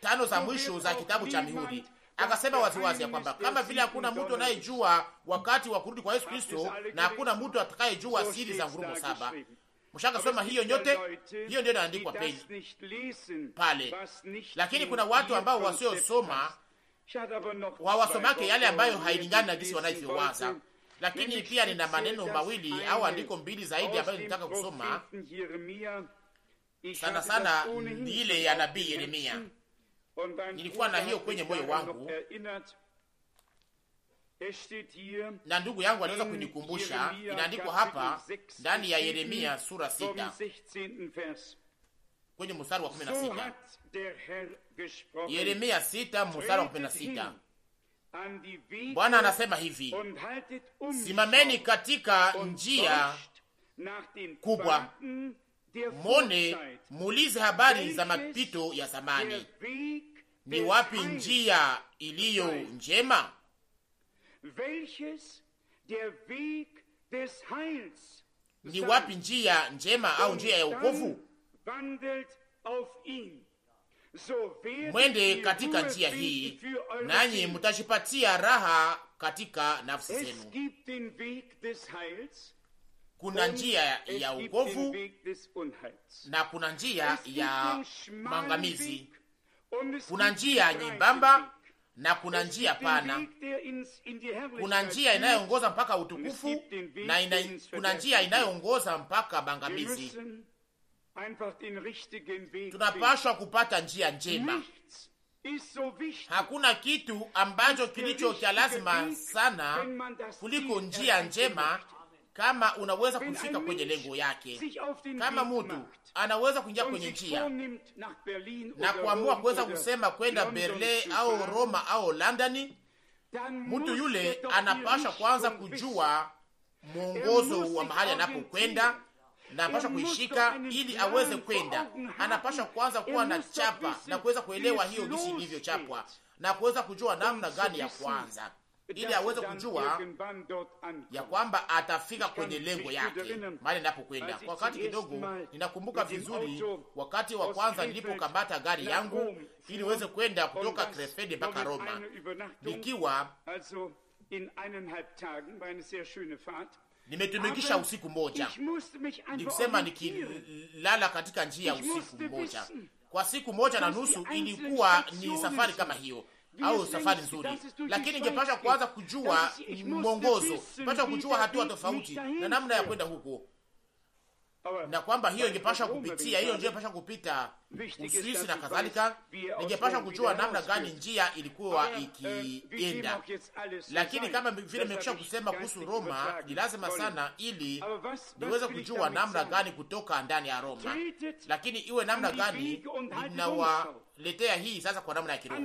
Speaker 1: tano za mwisho za kitabu cha Mihuri. Akasema waziwazi ya kwamba kama vile hakuna mtu anayejua wakati wa kurudi kwa Yesu Kristo na hakuna mtu atakayejua siri za ngurumo saba. mshaka soma hiyo nyote,
Speaker 2: hiyo ndio inaandikwa peni
Speaker 1: pale, lakini kuna watu ambao wasiosoma wawasomake yale ambayo hailingani na jinsi wanavyowaza lakini pia nina maneno mawili au andiko mbili zaidi ambayo nitaka kusoma
Speaker 2: sana sana, ile ya nabii Yeremia. Nilikuwa na hiyo kwenye moyo wangu na ndugu yangu aliweza kunikumbusha. Inaandikwa hapa ndani ya Yeremia sura sita
Speaker 1: kwenye mstari wa kumi na sita
Speaker 2: Yeremia sita mstari wa kumi na sita Bwana anasema hivi, simameni
Speaker 1: katika njia
Speaker 2: kubwa, mone
Speaker 1: muulize habari za mapito ya zamani. Ni wapi njia iliyo njema? Ni wapi njia njema au njia ya wokovu?
Speaker 2: mwende katika njia hii, nanyi
Speaker 1: mtashipatia raha katika nafsi zenu. Kuna njia ya ukovu na kuna njia ya mangamizi,
Speaker 2: kuna njia nyembamba
Speaker 1: na kuna njia pana,
Speaker 2: kuna njia inayoongoza
Speaker 1: mpaka utukufu
Speaker 2: na ina, kuna njia inayoongoza
Speaker 1: mpaka bangamizi tunapashwa kupata njia njema. Hakuna kitu ambacho kilicho cha lazima sana kuliko njia njema, kama unaweza kufika kwenye lengo yake. Kama mtu anaweza kuingia kwenye njia
Speaker 2: na kuamua kuweza kusema
Speaker 1: kwenda Berlin au Roma au Londoni, mtu yule er anapasha kwanza kujua er mwongozo wa mahali anapokwenda
Speaker 2: anapasha kuishika ili aweze kwenda.
Speaker 1: anapashwa kwanza kuwa na chapa na kuweza kuelewa hiyo jinsi ilivyochapwa na kuweza kujua namna gani ya kwanza, ili aweze kujua ya kwamba atafika kwenye lengo yake mahali inapokwenda. Kwa wakati kidogo, ninakumbuka vizuri wakati wa kwanza nilipokamata gari yangu ili niweze kwenda kutoka Krefeld mpaka Roma nikiwa nimetumikisha usiku moja nikusema, nikilala katika njia usiku mmoja kwa siku moja na nusu. Ilikuwa ni safari kama hiyo au safari nzuri, lakini ingepasha kuanza kujua mwongozo, pasha kujua hatua tofauti na namna ya kwenda huko na kwamba hiyo ingepasha kupitia hiyo ndio ingepasha kupita Uswisi na kadhalika, ingepasha kujua namna gani njia ilikuwa ikienda. Lakini kama vile nimekwisha kusema kuhusu Roma, ni lazima sana ili niweze kujua namna gani kutoka ndani ya Roma, lakini iwe namna gani
Speaker 2: inawaletea
Speaker 1: hii sasa kwa namna ya kiroho.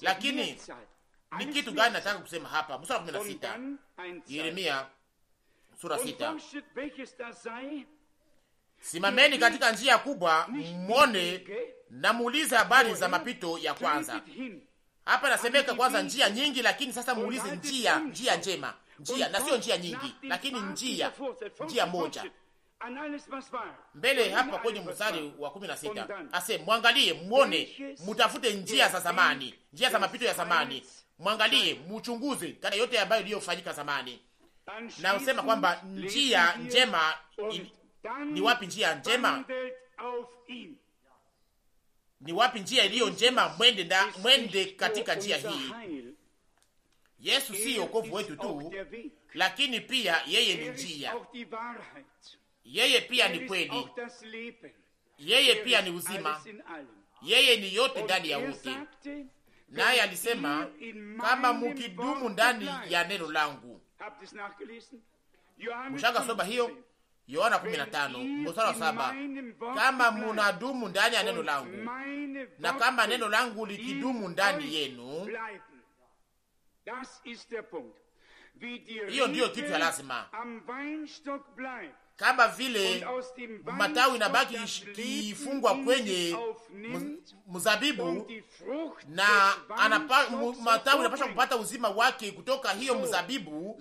Speaker 1: Lakini ni kitu gani nataka kusema hapa? Mstari wa 16 Yeremia sura sita. Simameni katika njia kubwa, mwone na muulize habari za mapito ya kwanza. Hapa nasemeka kwanza njia nyingi, lakini sasa muulize njia, njia njema, njia na sio njia nyingi, lakini njia, njia moja mbele hapa kwenye mstari wa kumi na sita ase mwangalie, mwone, mutafute njia za zamani, njia za mapito ya zamani, mwangalie, muchunguze kana yote ambayo iliyofanyika zamani.
Speaker 2: Na usema kwamba njia njema ni wapi
Speaker 1: njia njema? Ni wapi njia iliyo njema? Mwende da, mwende katika njia hii. Yesu si er wokovu wetu tu, lakini pia yeye ni er njia, yeye pia er ni kweli, yeye pia ni uzima, yeye ni yote ndani ya wote. Naye alisema kama mukidumu ndani ya neno langu. Mshaka soba hiyo Yohana 15 mstari wa saba,
Speaker 2: kama munadumu ndani ya neno langu na kama neno langu likidumu ndani yenu. Hiyo ndiyo kitu ya lazima kama vile matawi na baki kifungwa kwenye
Speaker 1: mzabibu, na anapa, matawi inapasha kupata uzima wake kutoka hiyo mzabibu,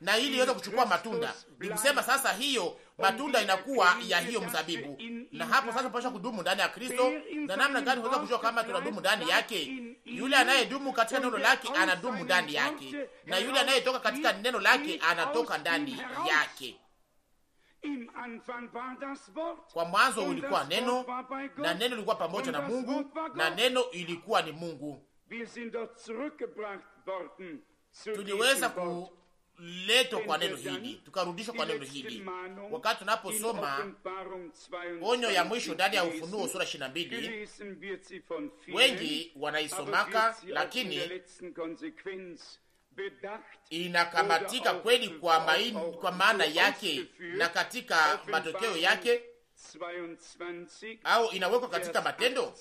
Speaker 1: na ili iweze kuchukua matunda. Ni kusema sasa hiyo matunda inakuwa ya hiyo mzabibu, na hapo sasa tunapaswa kudumu ndani ya Kristo. Na namna gani tunaweza kujua kama tunadumu ndani yake? Yule anayedumu katika neno lake anadumu ndani yake, na yule anayetoka katika neno lake anatoka ndani yake. Kwa mwanzo ulikuwa neno, na neno ilikuwa pamoja na Mungu, na neno ilikuwa ni Mungu. Tuliweza kuletwa kwa neno hili, tukarudishwa kwa neno hili. Wakati tunaposoma onyo ya mwisho ndani ya Ufunuo sura 22, wengi wanaisomaka, lakini inakamatika kweli kwa, kwa maana yake na katika matokeo yake au inawekwa katika matendo.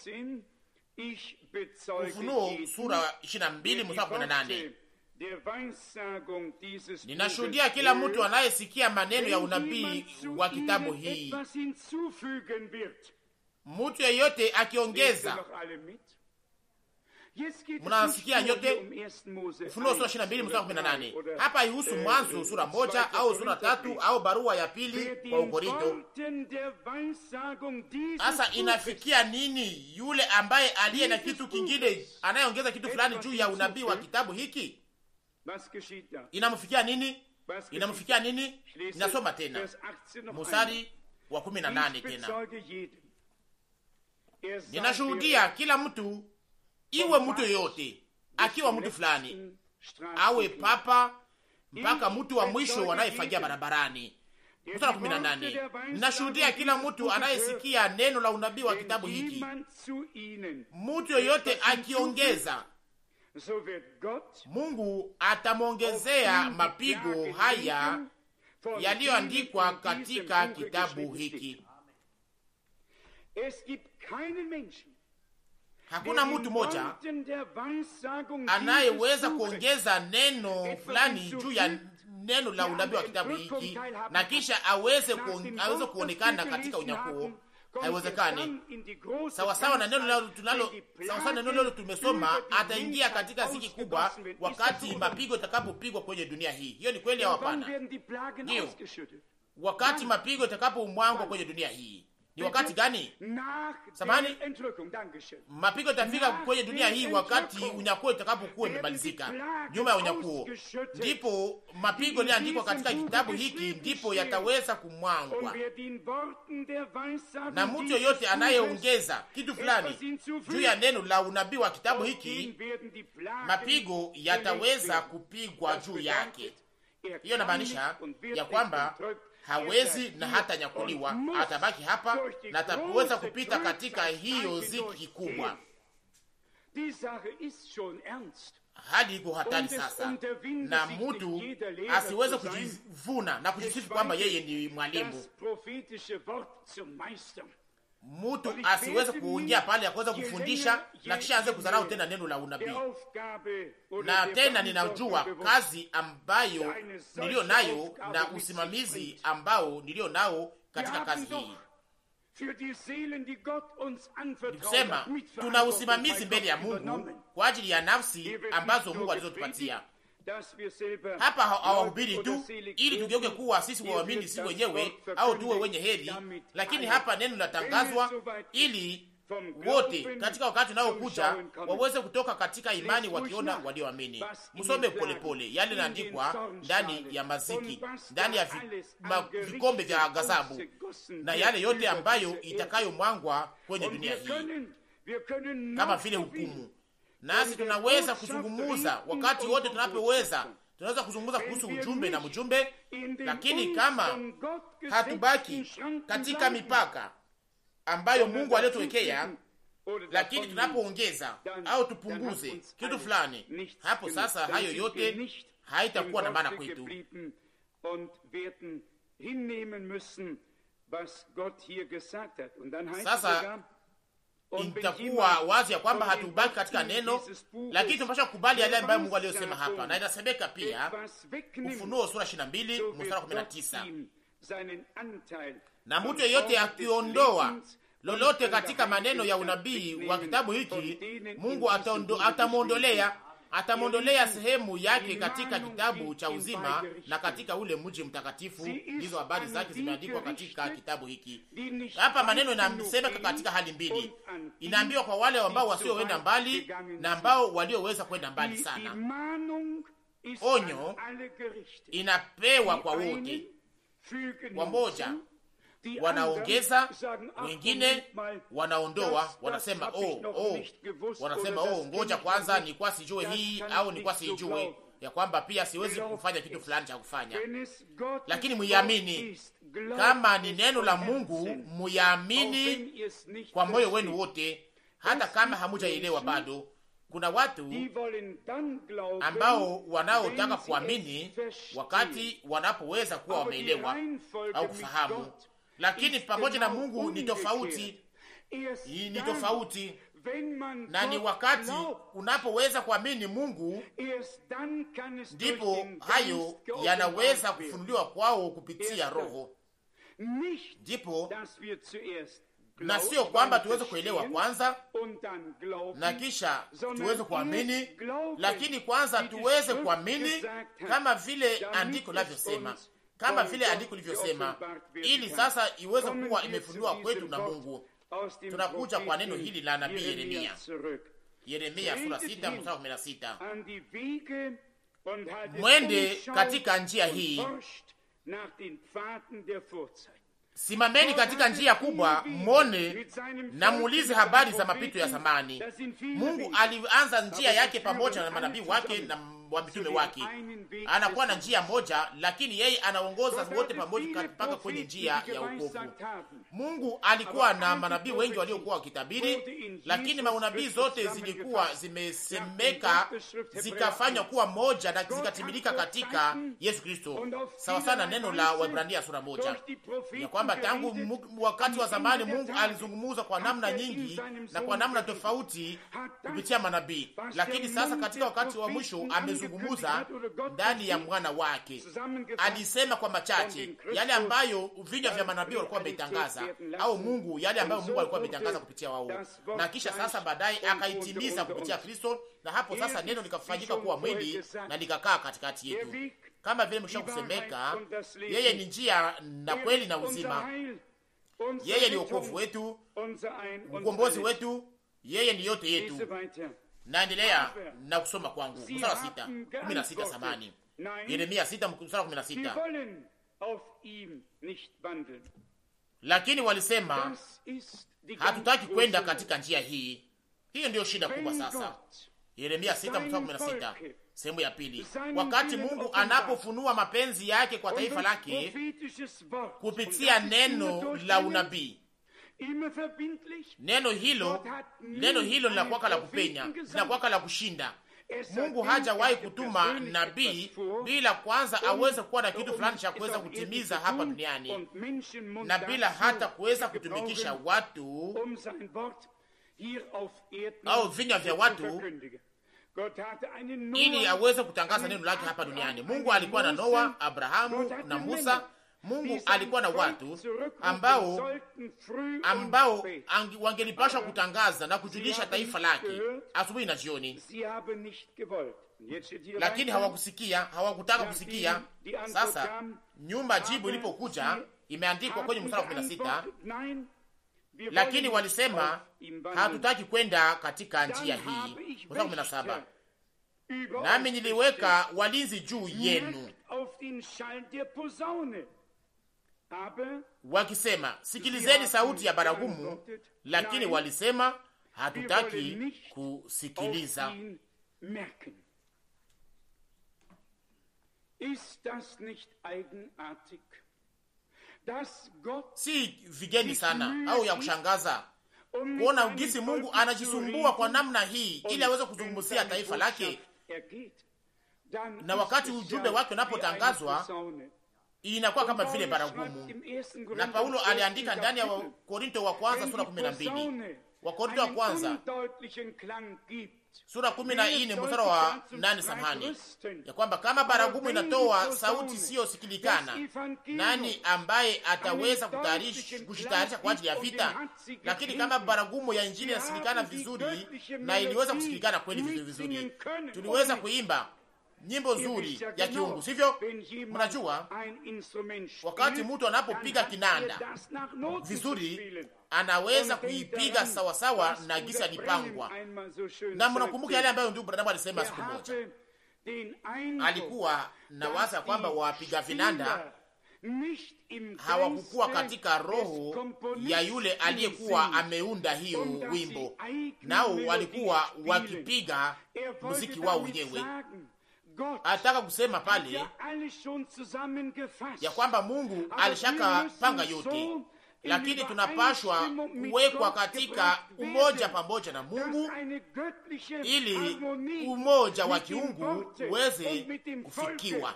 Speaker 1: Ufunuo sura 22 mstari
Speaker 2: 18.
Speaker 1: Ninashuhudia kila mtu anayesikia maneno ya unabii wa kitabu hii, mtu yeyote akiongeza Mnasikia nyote
Speaker 2: Ufunuo sura 22 mstari 18.
Speaker 1: Hapa haihusu Mwanzo sura moja au sura tatu au barua ya pili kwa Ukorinto. Sasa inafikia nini yule ambaye aliye na kitu kingine anayeongeza kitu fulani juu ya unabii wa kitabu hiki? Inamfikia nini? Inamfikia nini? Ninasoma tena
Speaker 2: mstari wa 18 tena. Er Ninashuhudia kila
Speaker 1: mtu iwe mtu yoyote, akiwa mtu fulani, awe papa mpaka mtu wa mwisho wanayefagia barabarani. Mstari kumi na nane nashuhudia kila mtu anayesikia neno la unabii wa kitabu hiki, mtu yoyote akiongeza, Mungu atamwongezea mapigo haya yaliyoandikwa katika kitabu hiki. Hakuna mtu moja
Speaker 2: anayeweza kuongeza
Speaker 1: neno fulani juu ya neno la unabii wa kitabu hiki na kisha aweze aweze kuonekana katika unyakuo. Haiwezekani.
Speaker 2: Sawa sawa na neno leo tunalo, sawa sawa na neno leo tumesoma, ataingia
Speaker 1: katika ziki kubwa wakati mapigo itakapopigwa kwenye dunia hii. Hiyo ni kweli au hapana? Ndio, wakati mapigo itakapomwangwa kwenye dunia hii ni wakati gani? Samani, mapigo yatafika kwenye dunia hii wakati unyakuo itakapokuwa imemalizika. Nyuma ya unyakuo ndipo mapigo yaliyoandikwa katika kitabu hiki ndipo yataweza kumwangwa,
Speaker 2: na mtu yoyote anayeongeza
Speaker 1: kitu fulani juu ya neno la unabii wa kitabu hiki,
Speaker 2: mapigo yataweza
Speaker 1: kupigwa juu yake. Hiyo inamaanisha ya kwamba hawezi na hata nyakuliwa, atabaki hapa na ataweza kupita katika hiyo ziki kubwa.
Speaker 2: Hali iko hatari sasa, na mtu asiweze
Speaker 1: kujivuna na kujisifu kwamba yeye ni mwalimu mtu asiweze kuingia pale akaweza kufundisha na kisha aanze kudharau tena neno la unabii.
Speaker 2: Eh, na tena ninajua
Speaker 1: kazi ambayo niliyo nayo na usimamizi ambao niliyo nao katika kazi hii. Nikusema tuna usimamizi mbele ya Mungu kwa ajili ya nafsi ambazo Mungu alizotupatia hapa hawahubiri tu ili tugeuke kuwa sisi waamini sisi wenyewe au tuwe wenye heri, lakini hapa neno linatangazwa ili wote katika wakati unaokuja waweze kutoka katika imani wakiona walioamini. Msome polepole yale yanaandikwa ndani ya maziki, ndani ya vikombe vya gazabu na yale yote ambayo itakayomwangwa kwenye dunia hii kama vile hukumu nasi tunaweza kuzungumuza wakati wote tunapoweza, tunaweza kuzungumza kuhusu ujumbe na mjumbe, lakini kama
Speaker 2: hatubaki
Speaker 1: katika mipaka ambayo Mungu aliyotuwekea, lakini tunapoongeza au tupunguze kitu fulani, hapo sasa hayo yote haitakuwa na maana kwetu. Sasa itakuwa wazi ya kwamba hatubaki katika neno, lakini tunapaswa kukubali yale ambayo Mungu aliyosema hapa, na inasemeka pia Ufunuo sura 22 mstari 19, na mtu yeyote akiondoa lolote katika maneno ya unabii wa kitabu hiki Mungu atamwondolea atamwondolea sehemu yake katika kitabu cha uzima na katika ule mji mtakatifu. Hizo habari zake zimeandikwa katika kitabu hiki. Hapa maneno inasemeka katika hali mbili, inaambiwa kwa wale ambao wasioenda mbali na ambao walioweza kwenda mbali sana. Onyo inapewa kwa wote, kwa moja wanaongeza, wengine wanaondoa, wanasema oh, oh,
Speaker 2: wanasema oh, ngoja kwanza
Speaker 1: nilikuwa sijue hii au nilikuwa sijue ya kwamba pia siwezi kufanya kitu fulani cha kufanya, lakini muiamini. Kama ni neno la Mungu, muiamini kwa moyo wenu wote, hata kama hamujaelewa bado. Kuna watu
Speaker 2: ambao wanaotaka kuamini
Speaker 1: wakati wanapoweza kuwa wameelewa au kufahamu lakini pamoja na Mungu ni tofauti, ni tofauti na ni wakati unapoweza kuamini Mungu ndipo hayo yanaweza kufunuliwa kwao kupitia Roho, ndipo
Speaker 2: na sio kwamba tuweze kuelewa
Speaker 1: kwanza na kisha tuweze kuamini, lakini kwanza tuweze kuamini kama vile andiko linavyosema kama vile andiko lilivyosema, ili sasa iweze kuwa imefunua kwetu na Mungu. Tunakuja kwa neno hili la nabii Yeremia, Yeremia sura 6 mstari
Speaker 2: kumi mwende katika njia hii,
Speaker 1: simameni katika njia kubwa, mwone na muulize habari za mapito ya zamani. Mungu alianza njia yake pamoja na manabii wake na wa mitume wake. Anakuwa na njia moja, lakini yeye anaongoza wote pamoja mpaka kwenye njia ya wokovu. Mungu alikuwa na manabii wengi waliokuwa wakitabiri, lakini maunabii zote zilikuwa zimesemeka zikafanywa kuwa moja na zikatimilika katika Yesu Kristo, sawa sana neno la Waebrania sura moja, ya kwamba tangu wakati wa zamani Mungu alizungumza kwa namna nyingi na kwa namna tofauti kupitia manabii, lakini sasa katika wakati wa mwisho ame kuzungumuza ndani ya mwana wake. Alisema kwa machache yale ambayo vinywa vya manabii walikuwa wameitangaza, au Mungu yale ambayo Mungu alikuwa ameitangaza kupitia wao, na kisha sasa baadaye akaitimiza kupitia Kristo, na hapo sasa neno likafanyika kuwa mwili na likakaa katikati yetu. Kama vile msha kusemeka, yeye ni njia na kweli na uzima.
Speaker 2: Yeye ni wokovu wetu, ukombozi wetu,
Speaker 1: yeye ni yote yetu naendelea na kusoma kwangu. Mstari wa sita, kumi na sita samani, Yeremia sita mstari kumi na sita lakini walisema hatutaki kwenda katika njia hii. Hiyo ndiyo shida kubwa sasa. Yeremia 6:16 sehemu ya pili. Wakati Mungu anapofunua mapenzi yake kwa taifa lake kupitia neno la unabii Neno hilo neno hilo linakuwaka la kupenya, linakuwaka la kushinda. Mungu hajawahi kutuma nabii bila kwanza um aweze kuwa na um kitu fulani cha kuweza kutimiza hapa duniani na bila hata kuweza kutumikisha
Speaker 2: watu um au vinywa vya watu
Speaker 1: ili aweze kutangaza neno lake hapa duniani. Mungu alikuwa na Noa, Abrahamu na Musa Mungu alikuwa na watu ambao ambao wangelipashwa kutangaza na kujulisha taifa lake asubuhi na jioni, lakini hawakusikia, hawakutaka kusikia. Sasa nyumba jibu ilipokuja, imeandikwa kwenye mstari wa kumi na sita
Speaker 2: lakini walisema hatutaki
Speaker 1: kwenda katika njia hii. Mstari wa kumi na saba
Speaker 2: nami niliweka
Speaker 1: walinzi juu yenu wakisema, sikilizeni sauti ya baragumu, lakini walisema hatutaki kusikiliza. Si vigeni sana au ya kushangaza
Speaker 2: kuona ugisi Mungu
Speaker 1: anajisumbua kwa namna hii ili aweze kuzungumzia taifa lake, na wakati ujumbe wake unapotangazwa inakuwa kama vile baragumu.
Speaker 2: Na Paulo aliandika ndani ya Wakorinto
Speaker 1: wa kwanza sura kumi na mbili Wakorinto wa kwanza sura kumi 14 mstari wa nane samani ya kwamba kama baragumu inatoa sauti isiyosikilikana, nani ambaye ataweza kujitayarisha kwa ajili ya vita? Lakini kama baragumu ya injili inasikilikana vizuri, na iliweza kusikilikana kweli vizuri vizuri, tuliweza kuimba nyimbo nzuri ya kiungu, sivyo? Mnajua, wakati mtu anapopiga kinanda
Speaker 2: vizuri,
Speaker 1: anaweza kuipiga sawasawa na gisa lipangwa. Na mnakumbuka yale ambayo ndugu Branham alisema siku moja, alikuwa na waza kwamba wapiga vinanda hawakukuwa katika roho ya yule aliyekuwa ameunda hiyo wimbo, nao walikuwa wakipiga muziki wao wenyewe anataka kusema pale ya kwamba Mungu alishaka panga yote, lakini tunapashwa kuwekwa katika umoja
Speaker 2: pamoja na Mungu ili umoja wa kiungu uweze kufikiwa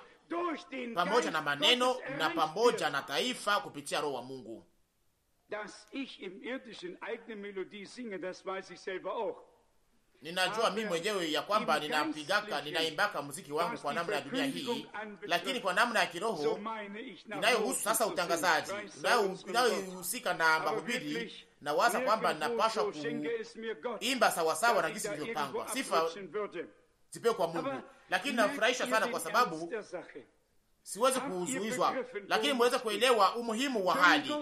Speaker 2: pamoja na maneno na pamoja
Speaker 1: na taifa kupitia Roho wa Mungu. Ninajua mimi mwenyewe ya kwamba ninapigaka, ninaimbaka muziki wangu kwa namna ya dunia hii, lakini kwa namna ya kiroho
Speaker 2: inayohusu sasa utangazaji,
Speaker 1: inayohusika na mahubiri, nawaza kwamba ninapashwa
Speaker 2: kuimba sawasawa na jinsi ilivyopangwa. Sifa
Speaker 1: zipewe kwa Mungu, lakini nafurahisha sana kwa sababu siwezi kuzuizwa, lakini mweze kuelewa umuhimu wa hali.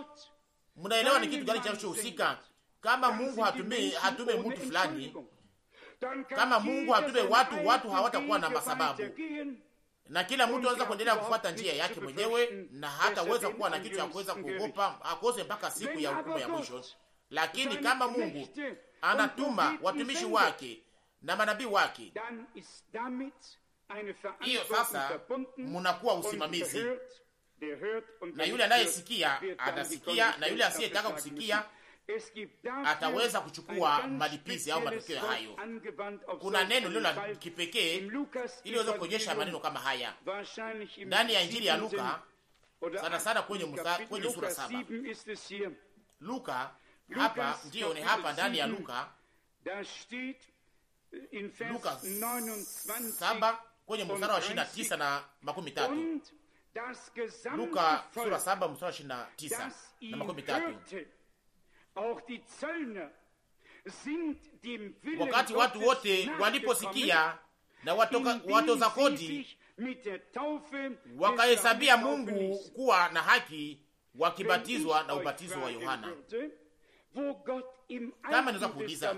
Speaker 1: Mnaelewa ni kitu gani kinachohusika kama Mungu hatume mtu fulani kama Mungu hatume watu, watu hawatakuwa na masababu, na kila mtu anaweza kuendelea kufuata njia yake mwenyewe, na hataweza kuwa na kitu ya kuweza kuogopa akose mpaka siku ya hukumu ya mwisho. Lakini kama Mungu anatuma watumishi wake na manabii wake, hiyo sasa munakuwa usimamizi,
Speaker 2: na yule anayesikia atasikia, na yule asiyetaka kusikia
Speaker 1: ataweza kuchukua malipizi au matokeo hayo.
Speaker 2: Kuna neno lilo la kipekee
Speaker 1: iliweza kuonyesha maneno kama haya
Speaker 2: ndani ya Injili ya Luka,
Speaker 1: sana sana kwenye musa, kwenye sura saba
Speaker 2: Luka hapa ndiyo ni hapa ndani ya Luka
Speaker 1: Luka saba kwenye mstari wa ishirini na tisa na makumi tatu Luka sura saba mstari wa ishirini na tisa na makumi tatu
Speaker 2: Wakati watu wote waliposikia na watoka, watoza kodi wakahesabia Mungu
Speaker 1: kuwa na haki wakibatizwa na ubatizo wa Yohana.
Speaker 2: Kama naweza kuuliza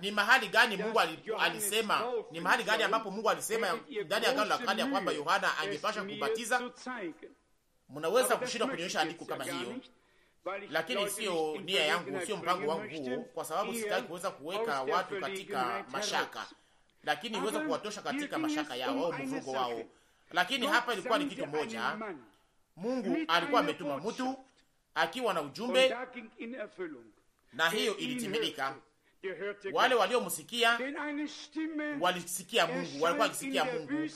Speaker 2: ni mahali gani Mungu alisema, ni mahali gani ambapo Mungu alisema ndani ya Agano la Kale ya kwamba Yohana angepasha kubatiza?
Speaker 1: Mnaweza kushindwa kunyonyesha andiko kama hiyo
Speaker 2: lakini sio nia yangu, sio mpango wangu huo, kwa sababu sitaki kuweza kuweka watu katika mashaka,
Speaker 1: lakini niweza kuwatosha katika mashaka yao au mvugo wao. Lakini hapa ilikuwa ni kitu moja, Mungu alikuwa ametuma mtu akiwa na ujumbe, na hiyo ilitimilika.
Speaker 2: Wale waliomsikia
Speaker 1: walisikia Mungu, walikuwa wakisikia Mungu,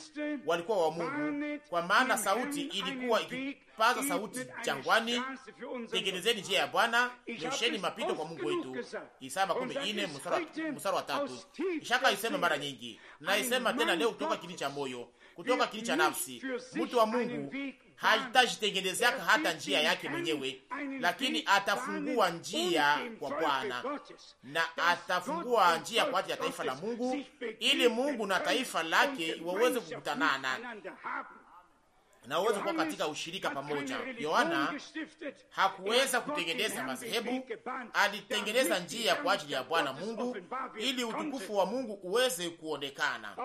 Speaker 1: walikuwa wa Mungu, kwa maana sauti ilikuwa iki kipaza sauti jangwani, tengenezeni njia ya Bwana, nyosheni mapito kwa Mungu wetu. Isaya makumi ine mstari wa tatu. Ishaka isema mara nyingi, naisema tena leo, kutoka kilini cha moyo, kutoka kilini cha nafsi, mtu wa Mungu haitajitengenezea er hata njia yake mwenyewe, lakini atafungua njia kwa Bwana na atafungua njia kwa ajili ya taifa la Mungu, ili Mungu na taifa lake waweze kukutanana na uweze kuwa katika ushirika pamoja. Yohana hakuweza kutengeneza madhehebu, alitengeneza njia kwa ajili ya Bwana Mungu ili utukufu wa Mungu uweze kuonekana.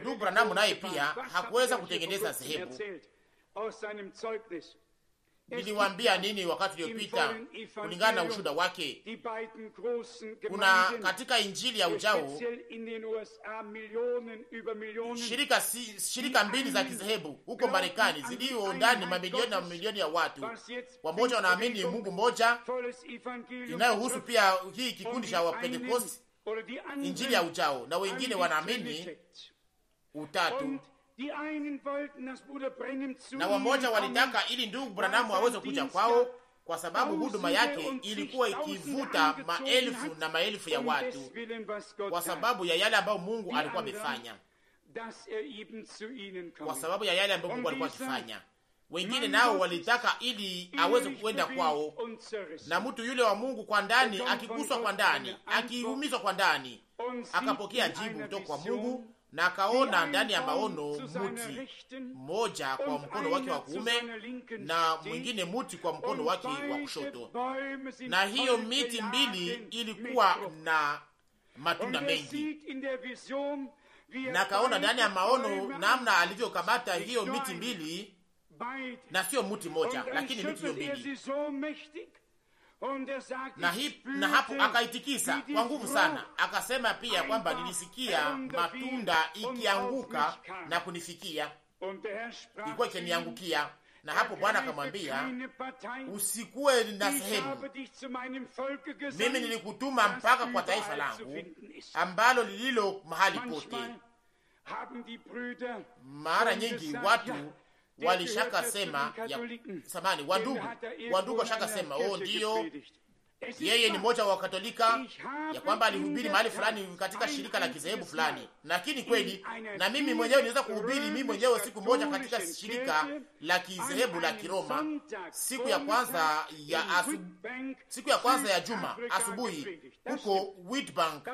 Speaker 2: Ndugu Branamu naye pia hakuweza kutengeneza dhehebu oh, niliwaambia nini wakati uliopita, kulingana na ushuda
Speaker 1: wake. Kuna katika injili ya ujao shirika, si, shirika mbili za kizehebu huko Marekani zilio ndani mamilioni na mamilioni ya watu, wamoja wanaamini Mungu moja,
Speaker 2: inayohusu pia
Speaker 1: hii kikundi cha Wapentekosti,
Speaker 2: injili ya ujao, na wengine wanaamini
Speaker 1: utatu na wamoja walitaka ili ndugu Branamu aweze kuja kwao kwa sababu huduma yake ilikuwa ikivuta maelfu na maelfu ya um watu
Speaker 2: er kwa sababu ya yale ambayo um Mungu alikuwa amefanya,
Speaker 1: kwa sababu ya yale ambayo Mungu alikuwa akifanya.
Speaker 2: Wengine nao
Speaker 1: walitaka ili aweze kuenda kwao, na mtu yule wa Mungu kwa ndani, er akiguswa kwa ndani, akiumizwa kwa ndani, akapokea jibu kutoka kwa Mungu na akaona ndani ya maono muti mmoja kwa mkono wake wa kuume na mwingine muti kwa mkono wake wa kushoto,
Speaker 2: na hiyo miti mbili ilikuwa
Speaker 1: na matunda mengi,
Speaker 2: na akaona ndani ya maono
Speaker 1: namna alivyokamata hiyo miti mbili na sio muti moja, lakini miti hiyo mbili na, hip, na hapo akaitikisa kwa nguvu sana, akasema pia kwamba nilisikia matunda ikianguka na kunifikia, ilikuwa ikiniangukia. Na hapo Bwana akamwambia
Speaker 2: usikuwe na sehemu, mimi nilikutuma mpaka kwa taifa langu
Speaker 1: ambalo lililo mahali pote. Mara nyingi watu walishaka sema ya, mm, samani wandugu wandugu washaka sema oh, ndiyo yeye ni mmoja wa Katolika ya kwamba alihubiri mahali fulani katika shirika la kizehebu fulani, lakini kweli na mimi mwenyewe niweza kuhubiri mimi mwenyewe siku moja katika shirika la kizehebu la Kiroma siku ya kwanza ya asu, siku ya kwanza ya juma asubuhi huko Witbank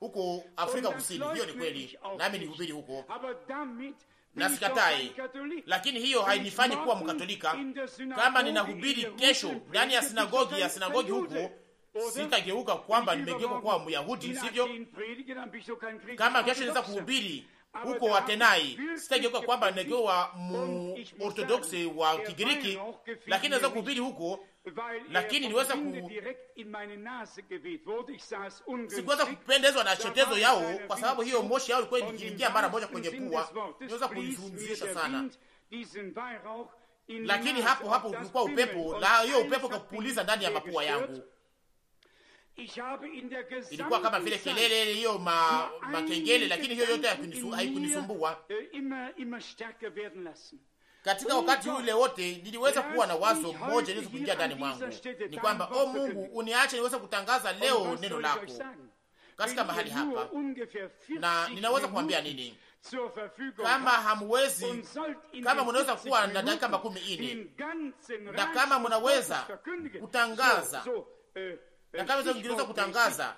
Speaker 1: huko Afrika Kusini. Hiyo ni kweli, nami nihubiri huko na sikatai,
Speaker 2: lakini hiyo hainifanyi kuwa Mkatolika. Kama ninahubiri
Speaker 1: kesho ndani ya sinagogi ya sinagogi huko sitageuka kwamba nimegeuka kuwa Myahudi, sivyo?
Speaker 2: Kama kesho naweza
Speaker 1: kuhubiri huko Watenai sitageuka kwamba nimegeuka wa Orthodoksi wa Kigiriki, lakini naweza kuhubiri huko Er lakini niweza ku
Speaker 2: sikuweza kupendezwa na chotezo yao, kwa sababu hiyo moshi
Speaker 1: yao ilikuwa ikiingia mara moja kwenye pua,
Speaker 2: niweza kuizungusha sana lakini hapo hapo ulikuwa upepo na hiyo upepo
Speaker 1: ukapuliza ndani ya mapua yangu,
Speaker 2: ilikuwa kama vile kelele hiyo ma, makengele, lakini hiyo yote haikunisumbua. Äh,
Speaker 1: katika wakati ule wote niliweza kuwa na wazo moja liweza kuingia ndani mwangu, ni kwamba o oh, Mungu, uniache niweze kutangaza oh, leo neno lako katika mahali hapa, na ninaweza kuambia nini? Kama hamwezi, kama munaweza kuwa na dakika makumi ine
Speaker 2: na kama munaweza
Speaker 1: kutangaza uh, uh, na kama mnaweza kutangaza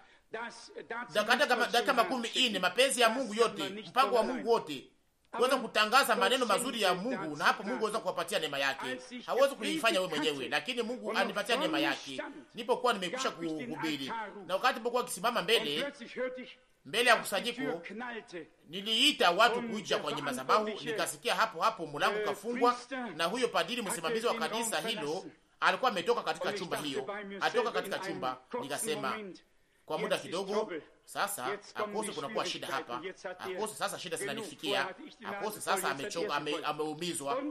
Speaker 1: dakika makumi ine mapenzi ya Mungu yote, mpango wa Mungu wote kuweza kutangaza maneno mazuri ya Mungu, na hapo Mungu aweza kuwapatia neema yake. Hawezi kuifanya wewe mwenyewe, lakini Mungu anipatia neema yake. Nipokuwa nimekwisha kuhubiri, na wakati nipokuwa kisimama mbele mbele ya kusanyiko, niliita watu kuja kwenye madhabahu, nikasikia hapo hapo mlango kafungwa, na huyo padiri msimamizi wa kanisa hilo alikuwa ametoka katika chumba hiyo, atoka katika chumba. Nikasema kwa muda kidogo, sasa akose kunakuwa shida hapa, akose sasa shida zinanifikia, akose sasa amechoka, ameumizwa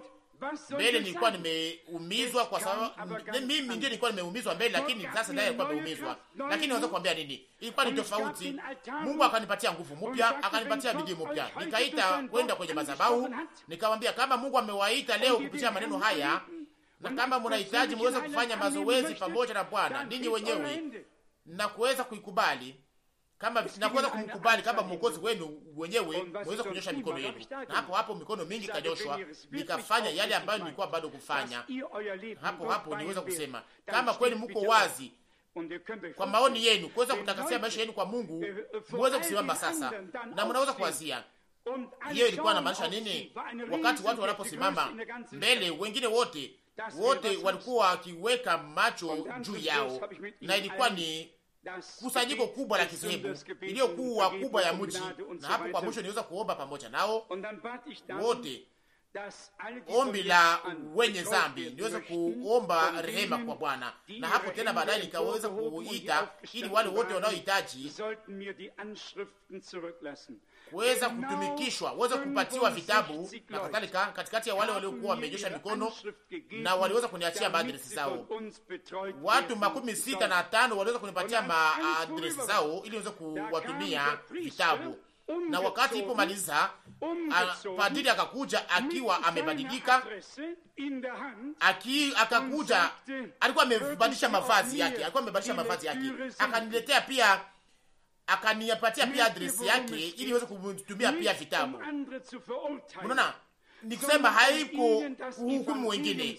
Speaker 2: mbele nilikuwa
Speaker 1: nimeumizwa kwa sababu mimi ndio nilikuwa nimeumizwa mbele, lakini sasa naye alikuwa ameumizwa. Lakini naweza kuambia nini, ilikuwa ni tofauti. Mungu akanipatia nguvu mpya, akanipatia bidii mpya, nikaita kwenda kwenye madhabahu, nikamwambia kama Mungu amewaita leo kupitia maneno haya, na kama mnahitaji muweze kufanya mazoezi pamoja na Bwana ninyi wenyewe na kuweza kuikubali kama na kumkubali kama mwokozi wenu wenyewe, mweza kunyosha mikono yenu, na hapo hapo mikono mingi kanyoshwa, nikafanya yale ambayo nilikuwa bado kufanya. Hapo hapo niweza kusema kama kweli mko wazi kwa maoni yenu kuweza kutakasia maisha yenu kwa Mungu, muweze kusimama sasa, na mnaweza kuwazia
Speaker 2: hiyo ilikuwa inamaanisha nini wakati watu wanaposimama mbele.
Speaker 1: Wengine wote wote walikuwa wakiweka macho juu yao, na ilikuwa ni kusanyiko kubwa la kizehebu iliyokuwa kubwa ya mji, na hapo kwa mwisho niweza kuomba pamoja nao wote ombi la wenye zambi, niweze kuomba rehema kwa Bwana. Na hapo tena baadaye nikaweza kuita ili wale wote wanaohitaji
Speaker 2: kuweza kutumikishwa, weza kupatiwa vitabu na kadhalika,
Speaker 1: katikati ya wale waliokuwa wamenyosha mikono na waliweza kuniachia maadresi zao. Watu makumi sita na tano waliweza kunipatia maadresi zao ili niweze kuwatumia vitabu eh, um na wakati ilipomaliza um padiri akakuja akiwa amebadilika, eh, aki, akakuja alikuwa amebadilisha mavazi yake, alikuwa amebadilisha mavazi yake, akaniletea pia akanipatia pia adresi yake ili iweze kumtumia pia vitabu. Unaona, ni kusema haiko hukumu wengine,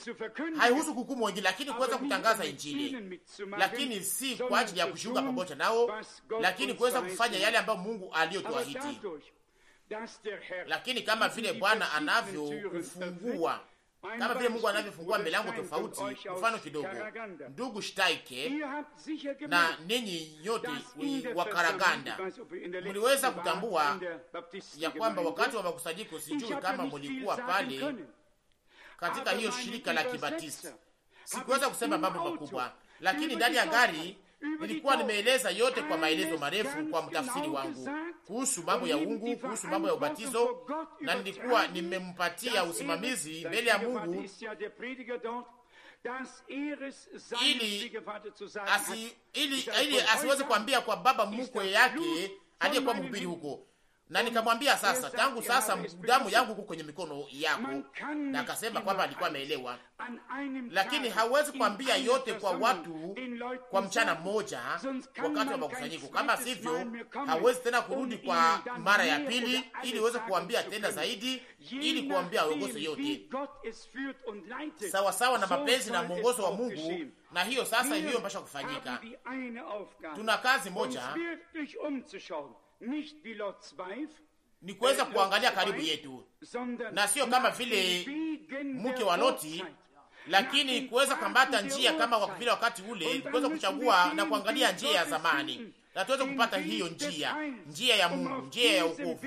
Speaker 1: haihusu hukumu wengine, lakini kuweza kutangaza Injili, lakini si kwa ajili ya kushuka pamoja nao, lakini kuweza kufanya yale ambayo Mungu aliyotuahidi. Lakini kama vile Bwana anavyokufungua
Speaker 2: kama vile Mungu anavyofungua mbele yangu tofauti. Mfano kidogo,
Speaker 1: ndugu Shtaike na ninyi nyote wa Karaganda mliweza kutambua ya kwamba wakati wa makusanyiko, sijui kama mulikuwa pale
Speaker 2: katika hiyo shirika la Kibatisti,
Speaker 1: sikuweza kusema mambo makubwa, lakini ndani ya gari nilikuwa nimeeleza yote kwa maelezo marefu kwa mtafsiri wangu kuhusu mambo ya uungu, kuhusu mambo ya ubatizo, na nilikuwa nimempatia usimamizi mbele ya Mungu
Speaker 2: ili, asi,
Speaker 1: ili, ili asiweze kuambia kwa baba mkwe yake aliyekuwa mhubiri huko na nikamwambia sasa, tangu sasa damu yangu iko kwenye mikono yako. Na akasema kwamba alikuwa ameelewa, lakini hawezi kuambia yote kwa watu kwa mchana mmoja wakati wa makusanyiko. Kama sivyo, hawezi tena kurudi kwa mara ya pili, ili uweze kuambia tena zaidi, ili kuambia uongozo yote sawasawa sawa na mapenzi na mwongozo wa Mungu. Na hiyo sasa, hiyo mpasha kufanyika.
Speaker 2: Tuna kazi moja
Speaker 1: ni kuweza äh, kuangalia karibu yetu na sio kama vile
Speaker 2: mke wa Loti,
Speaker 1: lakini kuweza kambata njia kama kwa vile wakati ule kuweza kuchagua na kuangalia njia ya zamani na tuweze kupata hiyo njia, njia ya Mungu, njia ya wokovu,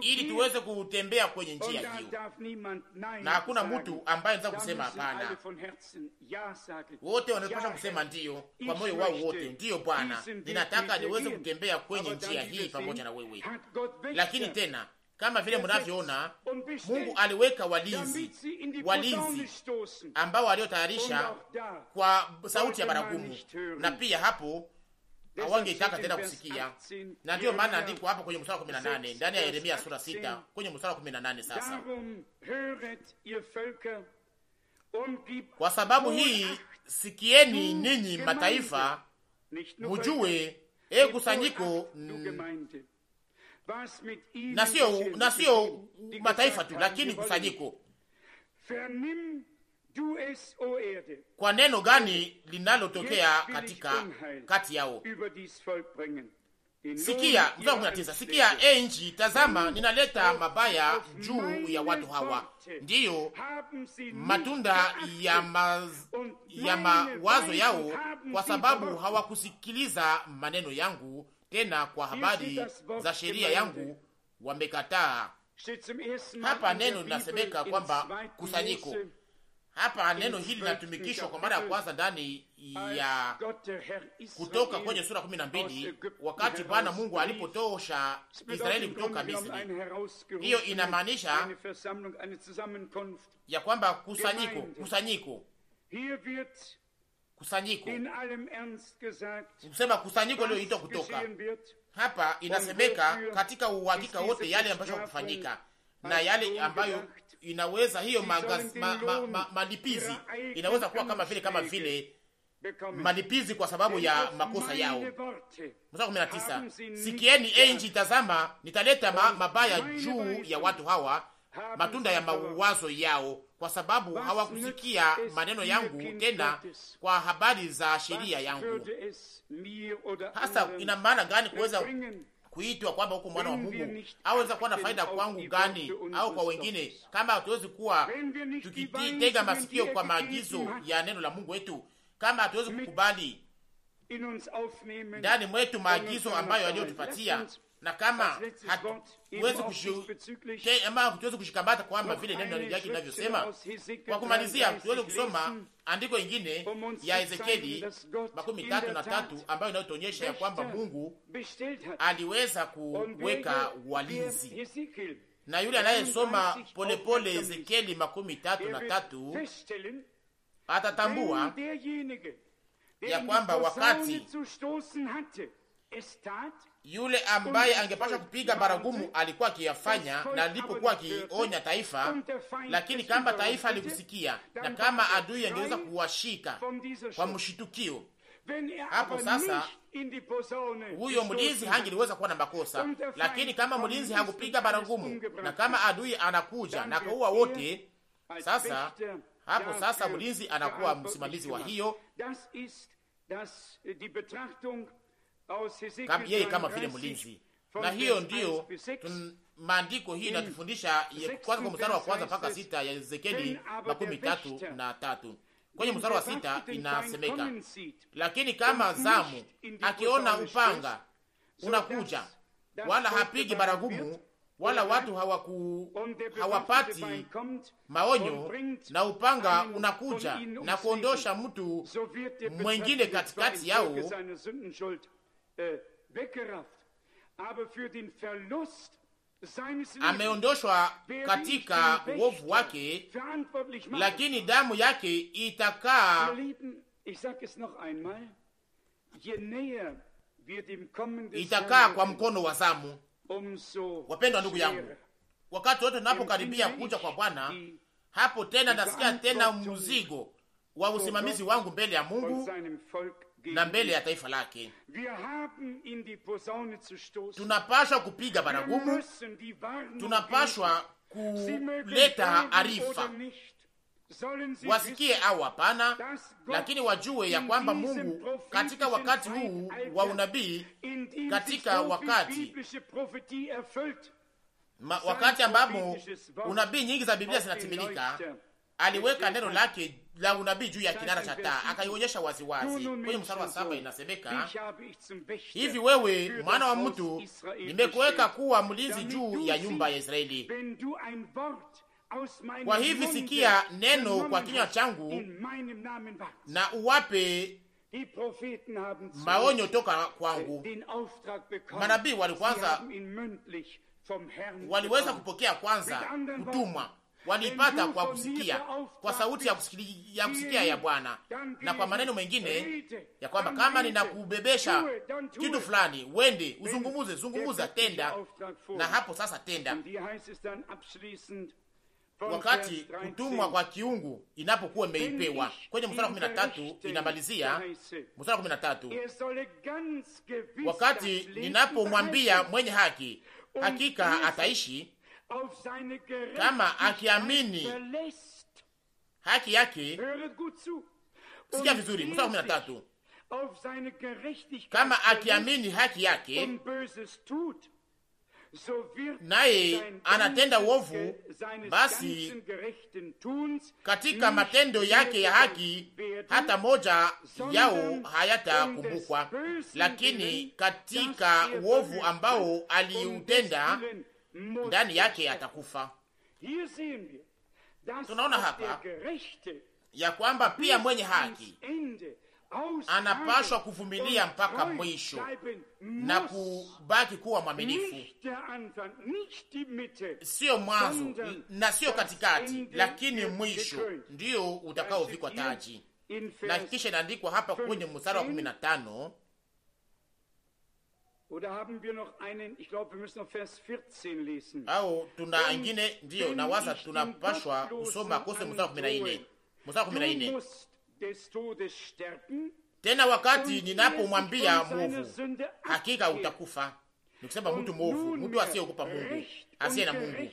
Speaker 1: ili tuweze kutembea kwenye njia hiyo,
Speaker 2: na hakuna mtu ambaye anaweza kusema hapana.
Speaker 1: Wote wanapaswa kusema ndiyo kwa moyo wao wote, ndiyo Bwana, ninataka niweze kutembea kwenye njia hii pamoja na wewe. Lakini tena kama vile mnavyoona, Mungu aliweka walinzi,
Speaker 2: walinzi
Speaker 1: ambao waliotayarisha kwa sauti ya baragumu, na pia hapo hawangetaka tena kusikia, na ndiyo maana andikwa hapa kwenye mstari wa 18 ndani ya Yeremia sura 6 kwenye mstari wa 18 sasa, um kwa sababu hii sikieni ninyi mataifa, mujue e kusanyiko
Speaker 2: na sio mataifa tu, lakini kusanyiko kwa neno gani linalotokea katika kati
Speaker 1: yao? Sikia sikia, enji, eh, tazama, ninaleta mabaya juu ya watu hawa, ndiyo
Speaker 2: matunda ya,
Speaker 1: ma, ya mawazo yao, kwa sababu hawakusikiliza maneno yangu, tena kwa habari za sheria yangu wamekataa. Hapa neno linasemeka kwamba kusanyiko hapa neno hili linatumikishwa kwa mara ya kwanza ndani ya Kutoka kwenye sura kumi na mbili wakati Bwana Mungu alipotosha Israeli kutoka Misri.
Speaker 2: Hiyo inamaanisha
Speaker 1: ya kwamba kusanyiko, kusanyiko, kusanyiko, kusema kusanyiko liyoitwa kutoka hapa, inasemeka katika uhakika wote yale ambayo kufanyika na yale ambayo inaweza hiyo magas, ma, ma, ma, malipizi inaweza kuwa kama vile kama vile malipizi kwa sababu ya makosa yao. Mstari 19, sikieni enji, tazama nitaleta ma, mabaya juu ya watu hawa, matunda ya mawazo yao, kwa sababu hawakusikia maneno yangu, tena kwa habari za sheria yangu. Hasa ina maana gani kuweza kuitwa kwamba huko mwana wa Mungu aweza kuwa na faida kwangu gani au kwa wengine, kama hatuwezi kuwa tukitega masikio kwa maagizo ya neno la Mungu wetu, kama hatuwezi kukubali
Speaker 2: ndani mwetu maagizo ambayo aliyotupatia
Speaker 1: na kama hatuwezi kushikamata kwamba vile neno yake linavyosema. Kwa kumalizia, tuweze kusoma andiko ingine ya Ezekieli makumi tatu na tatu ambayo inayotuonyesha ya kwamba Mungu aliweza kuweka walinzi na yule anayesoma polepole Ezekieli makumi tatu na tatu atatambua ya kwamba wakati yule ambaye angepasha kupiga baragumu alikuwa akiyafanya na alipokuwa akionya taifa,
Speaker 2: lakini kama taifa
Speaker 1: alikusikia na kama adui angeweza kuwashika kwa mshitukio
Speaker 2: hapo sasa, huyo mlinzi hangeliweza
Speaker 1: kuwa na makosa. Lakini kama mlinzi hakupiga baragumu na kama adui anakuja na kaua wote, sasa
Speaker 2: hapo sasa mlinzi anakuwa msimamizi wa hiyo yeye kama vile mlinzi, na hiyo ndiyo
Speaker 1: maandiko hii inatufundisha kwanza, kwa mstari wa kwanza mpaka sita ya Ezekieli makumi tatu na tatu. Kwenye mstari wa sita inasemeka, lakini kama zamu akiona upanga unakuja,
Speaker 2: wala hapigi
Speaker 1: baragumu wala watu hawaku hawapati maonyo, na upanga unakuja na kuondosha mtu mwengine katikati yao
Speaker 2: Äh, ameondoshwa katika
Speaker 1: uovu wake, lakini damu yake itakaa
Speaker 2: itakaa kwa mkono
Speaker 1: wa zamu. Wapendwa ndugu yangu, wakati wote tunapokaribia kuja kwa Bwana, hapo tena nasikia tena mzigo wa usimamizi wangu mbele ya Mungu na mbele ya taifa lake. Tunapashwa kupiga baragumu,
Speaker 2: tunapashwa
Speaker 1: kuleta arifa,
Speaker 2: wasikie au
Speaker 1: hapana, lakini wajue ya kwamba Mungu katika wakati huu wa unabii, katika wakati ma, wakati ambapo unabii nyingi za Biblia zinatimilika aliweka neno lake la unabii juu ya kinara cha taa akaionyesha waziwazi kwenye mstari wa saba. Inasemeka hivi, wewe mwana wa mtu, nimekuweka kuwa mlinzi juu ya nyumba ya Israeli.
Speaker 2: Kwa hivi sikia neno kwa kinywa changu
Speaker 1: na uwape maonyo toka kwangu.
Speaker 2: Manabii walikwanza waliweza
Speaker 1: kupokea kwanza utumwa walipata kwa kusikia, kwa sauti ya kusikia ya, kusikia ya Bwana,
Speaker 2: na kwa maneno mengine
Speaker 1: ya kwamba kama ninakubebesha kitu fulani, wende uzungumuze, zungumuza, tenda. Na hapo sasa tenda,
Speaker 2: wakati kutumwa
Speaker 1: kwa kiungu inapokuwa imeipewa. Kwenye mstari wa 13 inamalizia mstari wa 13,
Speaker 2: wakati ninapomwambia mwenye
Speaker 1: haki hakika ataishi
Speaker 2: kama er akiamini
Speaker 1: haki yake. Sikia vizuri, mstari kumi na tatu kama akiamini haki yake
Speaker 2: naye anatenda uovu, basi
Speaker 1: katika matendo yake ya haki hata moja yao um hayatakumbukwa. Lakini katika uovu ambao um aliutenda ndani yake atakufa. Tunaona hapa ya kwamba pia mwenye haki
Speaker 2: anapashwa kuvumilia mpaka mwisho
Speaker 1: na kubaki kuwa mwaminifu,
Speaker 2: siyo mwanzo
Speaker 1: na siyo katikati, lakini mwisho ndiyo utakaovikwa taji. Na kisha inaandikwa hapa kwenye mstari wa kumi na tano
Speaker 2: au tuna ingine ndiyo na waza, tunapashwa kusoma kose mstari kumi na ine mstari kumi na ine
Speaker 1: tena wakati mwambia mwovu hakika utakufa, nikusema mtu mwovu, mtu asiyeogopa Mungu, asiye na Mungu,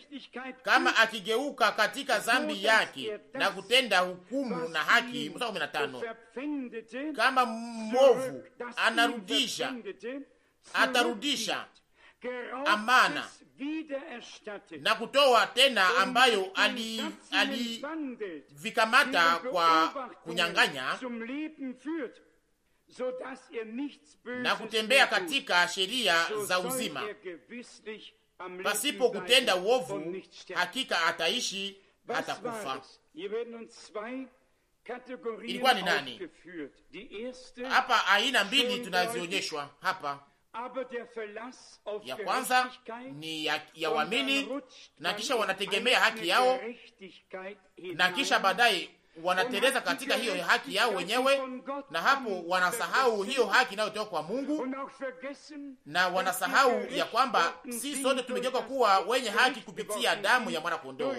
Speaker 1: kama akigeuka katika zambi yake er na kutenda hukumu na haki. musa kumi tano kama mwovu anarudisha atarudisha amana na kutoa tena ambayo
Speaker 2: alivikamata
Speaker 1: ali kwa kunyang'anya na kutembea katika sheria za uzima pasipo kutenda uovu, hakika ataishi, hatakufa.
Speaker 2: Ilikuwa ni nani
Speaker 1: hapa? Aina mbili tunazionyeshwa hapa ya kwanza ni ya, ya waamini na kisha wanategemea haki yao
Speaker 2: na kisha baadaye
Speaker 1: wanateleza katika hiyo haki yao wenyewe, na hapo wanasahau hiyo haki inayotoka kwa Mungu, na wanasahau ya kwamba si sote tumegeuka kuwa wenye haki kupitia damu ya mwana kondoo,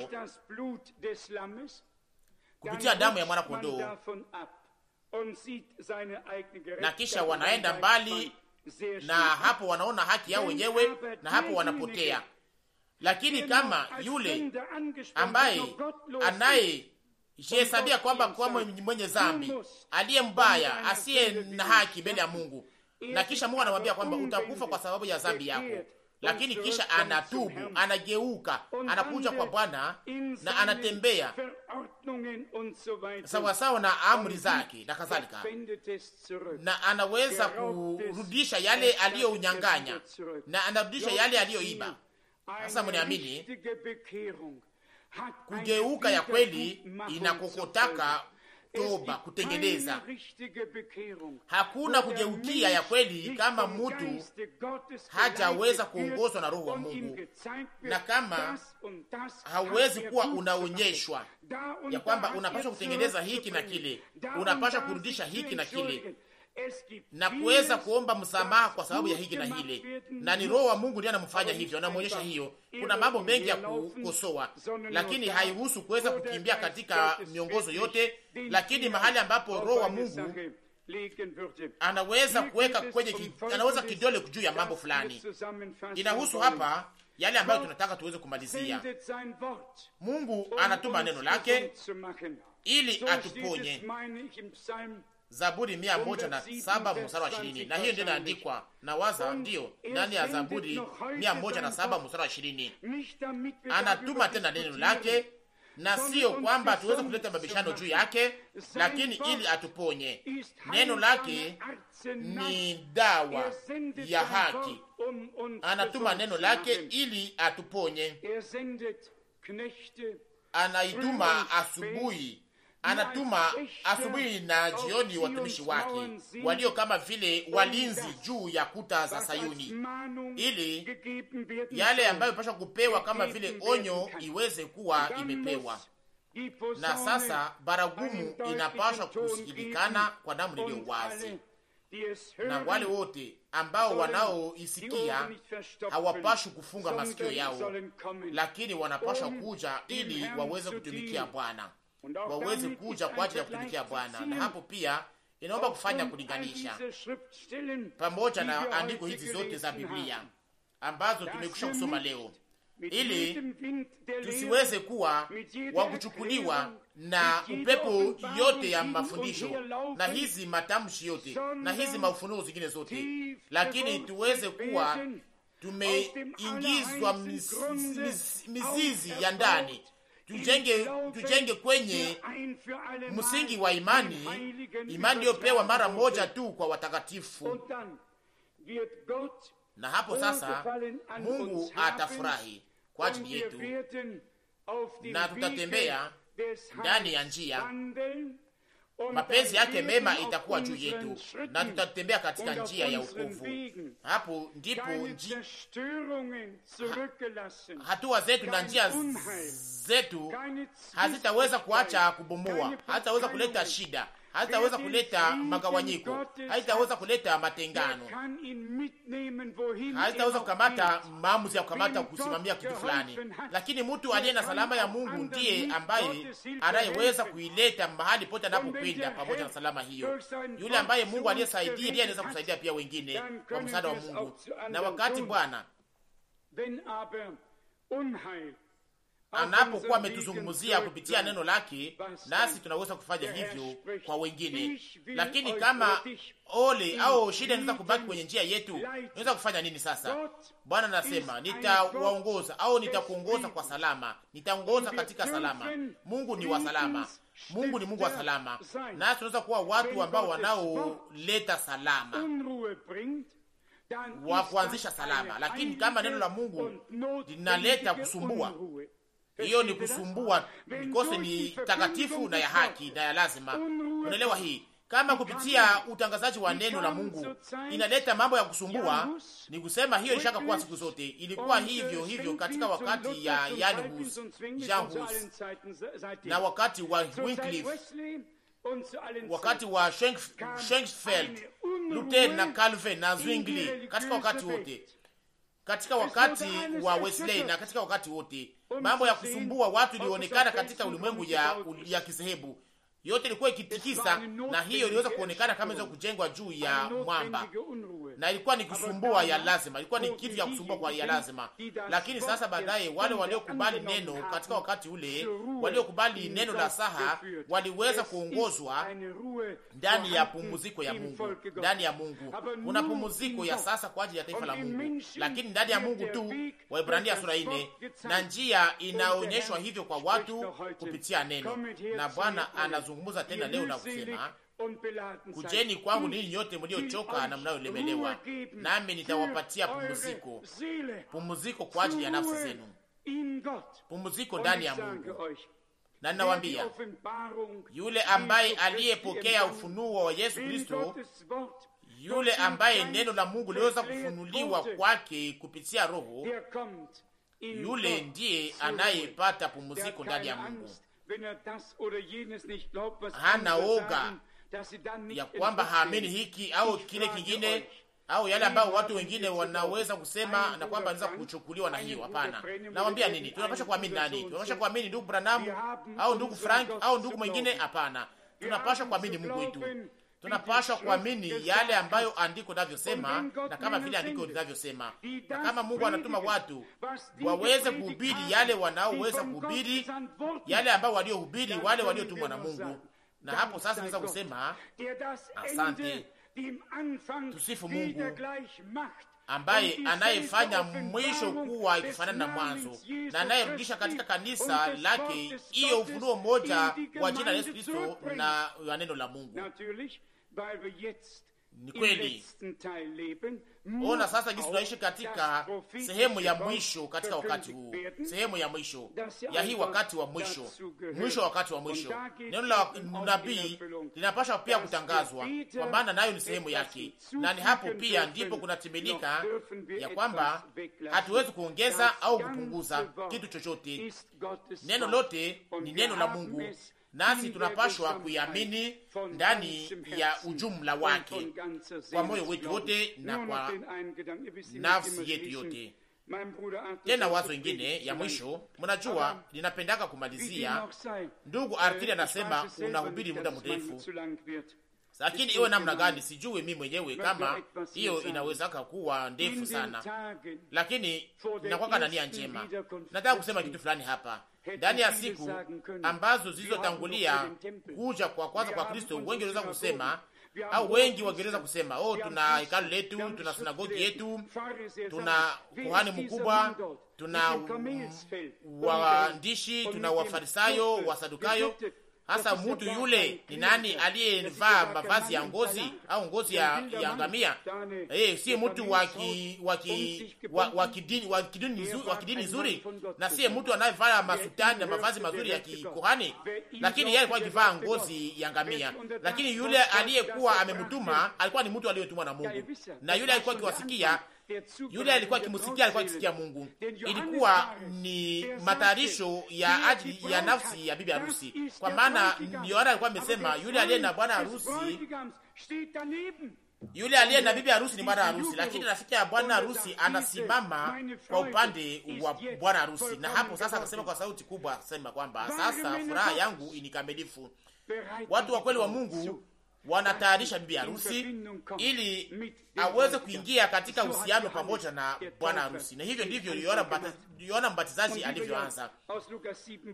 Speaker 1: kupitia damu ya mwana kondoo,
Speaker 2: na kisha wanaenda mbali
Speaker 1: na hapo wanaona haki yao wenyewe, na hapo wanapotea. Lakini kama yule ambaye anayejihesabia kwamba kwa mwenye zambi aliye mbaya, asiye na haki mbele ya Mungu, na kisha Mungu anamwambia kwamba utakufa kwa sababu ya zambi yako lakini kisha anatubu, anageuka, anakuja kwa Bwana na anatembea
Speaker 2: sawasawa na
Speaker 1: amri zake na kadhalika, na anaweza kurudisha yale aliyounyang'anya na anarudisha yale aliyoiba.
Speaker 2: Sasa mniamini,
Speaker 1: kugeuka ya kweli inakokotaka toba, kutengeneza. Hakuna kugeukia ya kweli kama mtu hajaweza kuongozwa na Roho wa Mungu, na kama hauwezi er kuwa unaonyeshwa ya kwamba unapaswa er kutengeneza hiki na kile, unapaswa kurudisha hiki na kile na kuweza kuomba msamaha kwa sababu ya hiki na hile, na ni Roho wa Mungu ndiye anamfanya hivyo, anamwonyesha hiyo. Kuna mambo mengi ya kukosoa, lakini haihusu kuweza kukimbia katika miongozo yote, lakini mahali ambapo Roho wa Mungu anaweza kuweka kwenye ki, anaweza kidole juu ya mambo fulani. Inahusu hapa yale ambayo tunataka tuweze kumalizia. Mungu anatuma neno lake ili atuponye Zaburi mia moja na saba mstari wa ishirini na hiyo ndio inaandikwa na waza, ndiyo ndani ya Zaburi mia moja na saba mstari wa ishirini anatuma tena neno lake, na sio kwamba tuweze kuleta mabishano juu yake, lakini ili atuponye.
Speaker 2: Neno lake ni
Speaker 1: dawa ya haki,
Speaker 2: anatuma neno lake
Speaker 1: ili atuponye, anaituma asubuhi anatuma asubuhi na oh, jioni watumishi wake walio kama vile oh, walinzi juu ya kuta za Sayuni,
Speaker 2: ili yale ambayo
Speaker 1: pasha kupewa kama vile onyo iweze kuwa imepewa. Na sasa baragumu inapashwa kusikilikana kwa damu liliyo wazi,
Speaker 2: na wale wote
Speaker 1: ambao wanaoisikia hawapashi kufunga masikio yao, lakini wanapashwa kuja ili waweze kutumikia Bwana waweze kuja kwa ajili ya kutumikia Bwana, na hapo pia inaomba kufanya kulinganisha
Speaker 2: pamoja na andiko hizi zote za Biblia
Speaker 1: ambazo tumekwisha kusoma leo, ili tusiweze kuwa wa kuchukuliwa na upepo yote ya mafundisho na hizi matamshi yote na hizi maufunuo zingine zote, lakini tuweze kuwa tumeingizwa mizizi ya ndani tujenge, tujenge kwenye
Speaker 2: msingi wa imani, imani iliyopewa mara moja
Speaker 1: tu kwa watakatifu, na hapo sasa Mungu atafurahi kwa ajili
Speaker 2: yetu na tutatembea ndani ya njia mapenzi yake mema itakuwa juu yetu
Speaker 1: na tutatembea katika njia ya ukovu. Hapo ndipo nji... hatua zetu na njia zetu hazitaweza kuacha kubomoa, hazitaweza kuleta shida haitaweza kuleta magawanyiko, haitaweza kuleta matengano, haitaweza kukamata maamuzi ya kukamata kusimamia kitu fulani, lakini mtu aliye na salama ya Mungu ndiye ambaye anayeweza kuileta mahali pote anapokwenda pamoja na salama hiyo. Yule ambaye Mungu aliyesaidia ndiye anaweza kusaidia pia wengine kwa msaada wa Mungu, na wakati Bwana
Speaker 2: anapokuwa ametuzungumzia kupitia
Speaker 1: neno lake, nasi tunaweza kufanya hivyo kwa wengine. Lakini kama ole au shida inaweza kubaki kwenye njia yetu, tunaweza kufanya nini sasa? Bwana anasema nitawaongoza, au nitakuongoza kwa salama, nitaongoza katika salama. Mungu ni wa salama, Mungu ni Mungu wa salama, nasi tunaweza kuwa watu ambao wanaoleta salama
Speaker 2: wa kuanzisha salama. Lakini kama neno la Mungu
Speaker 1: linaleta kusumbua hiyo ni kusumbua kose ni takatifu na ya haki na ya lazima. Unaelewa hii kama kupitia utangazaji wa neno la Mungu inaleta mambo ya kusumbua, ni kusema hiyo ishaka kuwa siku zote ilikuwa hivyo hivyo katika wakati ya Jan Hus, Jan Hus
Speaker 2: na wakati wa Wycliffe, wakati wa
Speaker 1: Schenkfeld, Luther na Calvin na Zwingli, katika wakati wote, katika wakati wa Wesley na katika wakati wote mambo ya kusumbua watu ilionekana katika ulimwengu ya, ya kisehebu yote ilikuwa ikitikisa, na hiyo iliweza kuonekana kama iweza kujengwa juu ya mwamba na ilikuwa ni kusumbua ya lazima, ilikuwa ni kitu ya kusumbua kwa ya lazima. Lakini sasa baadaye wale waliokubali neno katika wakati ule, waliokubali neno la saha, waliweza kuongozwa ndani ya pumziko ya Mungu, ndani ya Mungu. Kuna pumziko ya sasa kwa ajili ya taifa la Mungu, lakini ndani ya Mungu tu. Waebrania sura ine, na njia inaonyeshwa hivyo kwa watu kupitia neno, na Bwana anazungumza tena leo na kusema
Speaker 2: Kujeni kwangu mm. ninyi nyote mliochoka na mnayolemelewa, nami nitawapatia pumziko,
Speaker 1: pumziko kwa ajili ya nafsi zenu, pumziko ndani ya Mungu. Na ninawaambia
Speaker 2: yule ambaye aliyepokea
Speaker 1: ufunuo wa Yesu Kristo, yule ambaye neno la Mungu liweza kufunuliwa kwake kupitia Roho, yule ndiye anayepata pumziko ndani ya Mungu.
Speaker 2: Hana oga
Speaker 1: ya kwamba haamini hiki au kile kingine au yale ambayo watu wengine wanaweza kusema na kwamba anaweza kuchukuliwa na hiyo. Hapana, nawambia nini, tunapasha kuamini nani? Tunapasha kuamini ndugu Branham au ndugu Frank au ndugu mwingine? Hapana, tunapasha kuamini Mungu wetu, tunapasha kuamini yale ambayo andiko linavyosema na kama vile andiko linavyosema, na kama Mungu anatuma watu waweze kuhubiri yale wanaoweza kuhubiri, yale ambayo waliohubiri wale waliotumwa na Mungu
Speaker 2: na hapo sasa naweza kusema asante. Tusifu Mungu ambaye anayefanya mwisho kuwa ikifanana na mwanzo na anayerudisha katika kanisa lake
Speaker 1: hiyo ufunuo moja wa jina la Yesu Kristo na wa neno la Mungu. Ni kweli Mm. Ona sasa jinsi tunaishi katika sehemu ya mwisho, katika wakati huu, sehemu ya mwisho ya hii, wakati wa mwisho, mwisho wa wakati wa mwisho. Neno la nabii linapaswa pia kutangazwa, kwa maana nayo ni sehemu yake, na ni hapo pia ndipo kunatimilika ya kwamba hatuwezi kuongeza au kupunguza kitu chochote. Neno lote ni neno la Mungu nasi tunapashwa kuiamini ndani ya ujumla wake kwa moyo wetu wote na kwa
Speaker 2: nafsi yetu yote. Tena wazo
Speaker 1: ingine ya mwisho, mnajua ninapendaka kumalizia.
Speaker 2: Ndugu uh, Artiri anasema unahubiri muda mrefu,
Speaker 1: lakini iwe namna gani sijui mi mwenyewe kama hiyo inawezaka kuwa ndefu sana, lakini inakwaka na nia njema. Nataka kusema kitu fulani hapa
Speaker 2: ndani ya siku
Speaker 1: ambazo zilizotangulia kuja kwa kwanza kwa Kristo, wengi wanaweza kusema au wengi wangeweza kusema oh, tuna hekalu letu, tuna sinagogi yetu, tuna kuhani mkubwa, tuna waandishi, tuna wafarisayo, wasadukayo Hasa mtu yule ni nani aliyevaa mavazi ya ngozi au ngozi ya, ya ngamia? Eh, si mtu wa ki wa kidini wa kidini nzuri wa kidini nzuri, na si mtu anayevaa masutani na mavazi mazuri ya kikohani, lakini yeye alikuwa akivaa ngozi ya ngamia. Lakini yule aliyekuwa amemtuma alikuwa ni mtu aliyetumwa na Mungu, na yule alikuwa akiwasikia yule alikuwa akimusikia, alikuwa akisikia Mungu. Ilikuwa ni matayarisho ya ajili ya nafsi ya bibi harusi, kwa maana Yohana alikuwa amesema yule aliye na bwana harusi yule aliye na bibi harusi ni bwana harusi, lakini rafiki ya bwana harusi anasimama kwa upande wa bwana harusi. Na hapo sasa akasema kwa sauti kubwa, sema kwamba sasa furaha yangu inikamilifu Watu wa kweli wa Mungu wanatayarisha bibi harusi ili aweze kuingia katika uhusiano pamoja na bwana harusi. Na hivyo ndivyo Yohana Mbatizaji alivyoanza,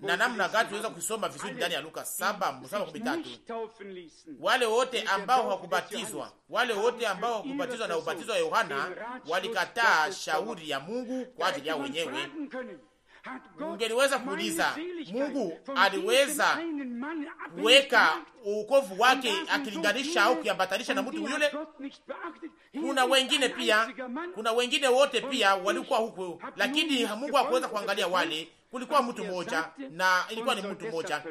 Speaker 1: na namna gani tunaweza kusoma vizuri ndani ya Luka saba wale wote ambao hawakubatizwa, wale wote ambao hawakubatizwa na ubatizo wa Yohana walikataa shauri ya Mungu kwa ajili yao wenyewe
Speaker 2: Ungeliweza kuuliza
Speaker 1: Mungu aliweza kuweka uokovu wake akilinganisha au kuambatanisha na mtu yule? Kuna wengine pia, kuna wengine wote pia walikuwa huko, lakini Mungu hakuweza kuangalia wale. Kulikuwa mtu mmoja na ilikuwa ni mtu mmoja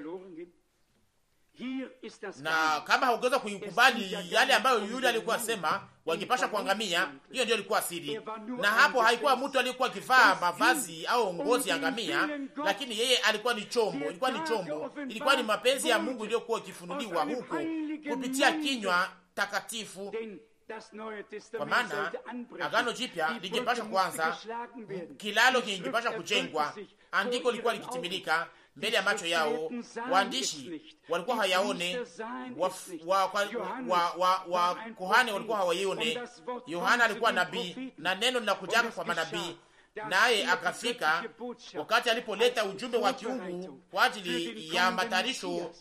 Speaker 1: na kama haungeweza kuikubali yale ambayo yule alikuwa sema, wangepasha kuangamia. Hiyo ndio ilikuwa siri, na hapo haikuwa mtu aliyekuwa akivaa mavazi au ngozi ya ngamia, lakini yeye alikuwa ni chombo, ilikuwa ni chombo, ilikuwa ni mapenzi ya Mungu iliyokuwa ikifunuliwa huko kupitia kinywa takatifu kwa maana Agano Jipya lingepasha kwanza kilalo kingepasha kujengwa, andiko lilikuwa likitimilika mbele ya macho yao, waandishi walikuwa hawayaone, wakohani walikuwa hawaione. Yohana alikuwa nabii na neno linakujaka kwa manabii naye akafika wakati alipoleta ujumbe wa kiungu kwa ajili ya matayarisho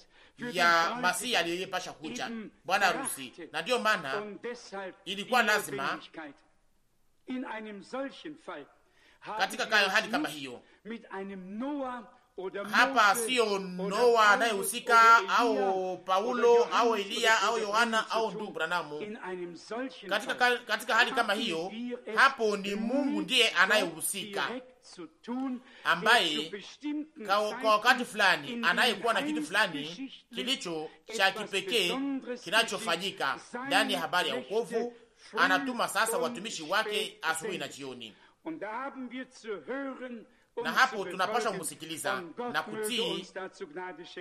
Speaker 1: ya Masihi aliyepasha kuja, bwana arusi. Na ndiyo maana
Speaker 2: ilikuwa lazima katika kayo hali kama hiyo hapa sio Noa anayehusika au Paulo au Eliya au Yohana au
Speaker 1: ndugu Branamu. Katika, katika hali kama hiyo, hapo ni Mungu ndiye anayehusika ambaye kwa wakati fulani anayekuwa na kitu fulani kilicho cha kipekee kinachofanyika ndani ya habari ya wokovu. Anatuma sasa watumishi wake asubuhi na jioni na hapo tunapasha kumsikiliza na kutii,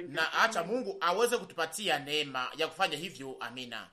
Speaker 1: na acha Mungu aweze kutupatia neema ya kufanya hivyo. Amina.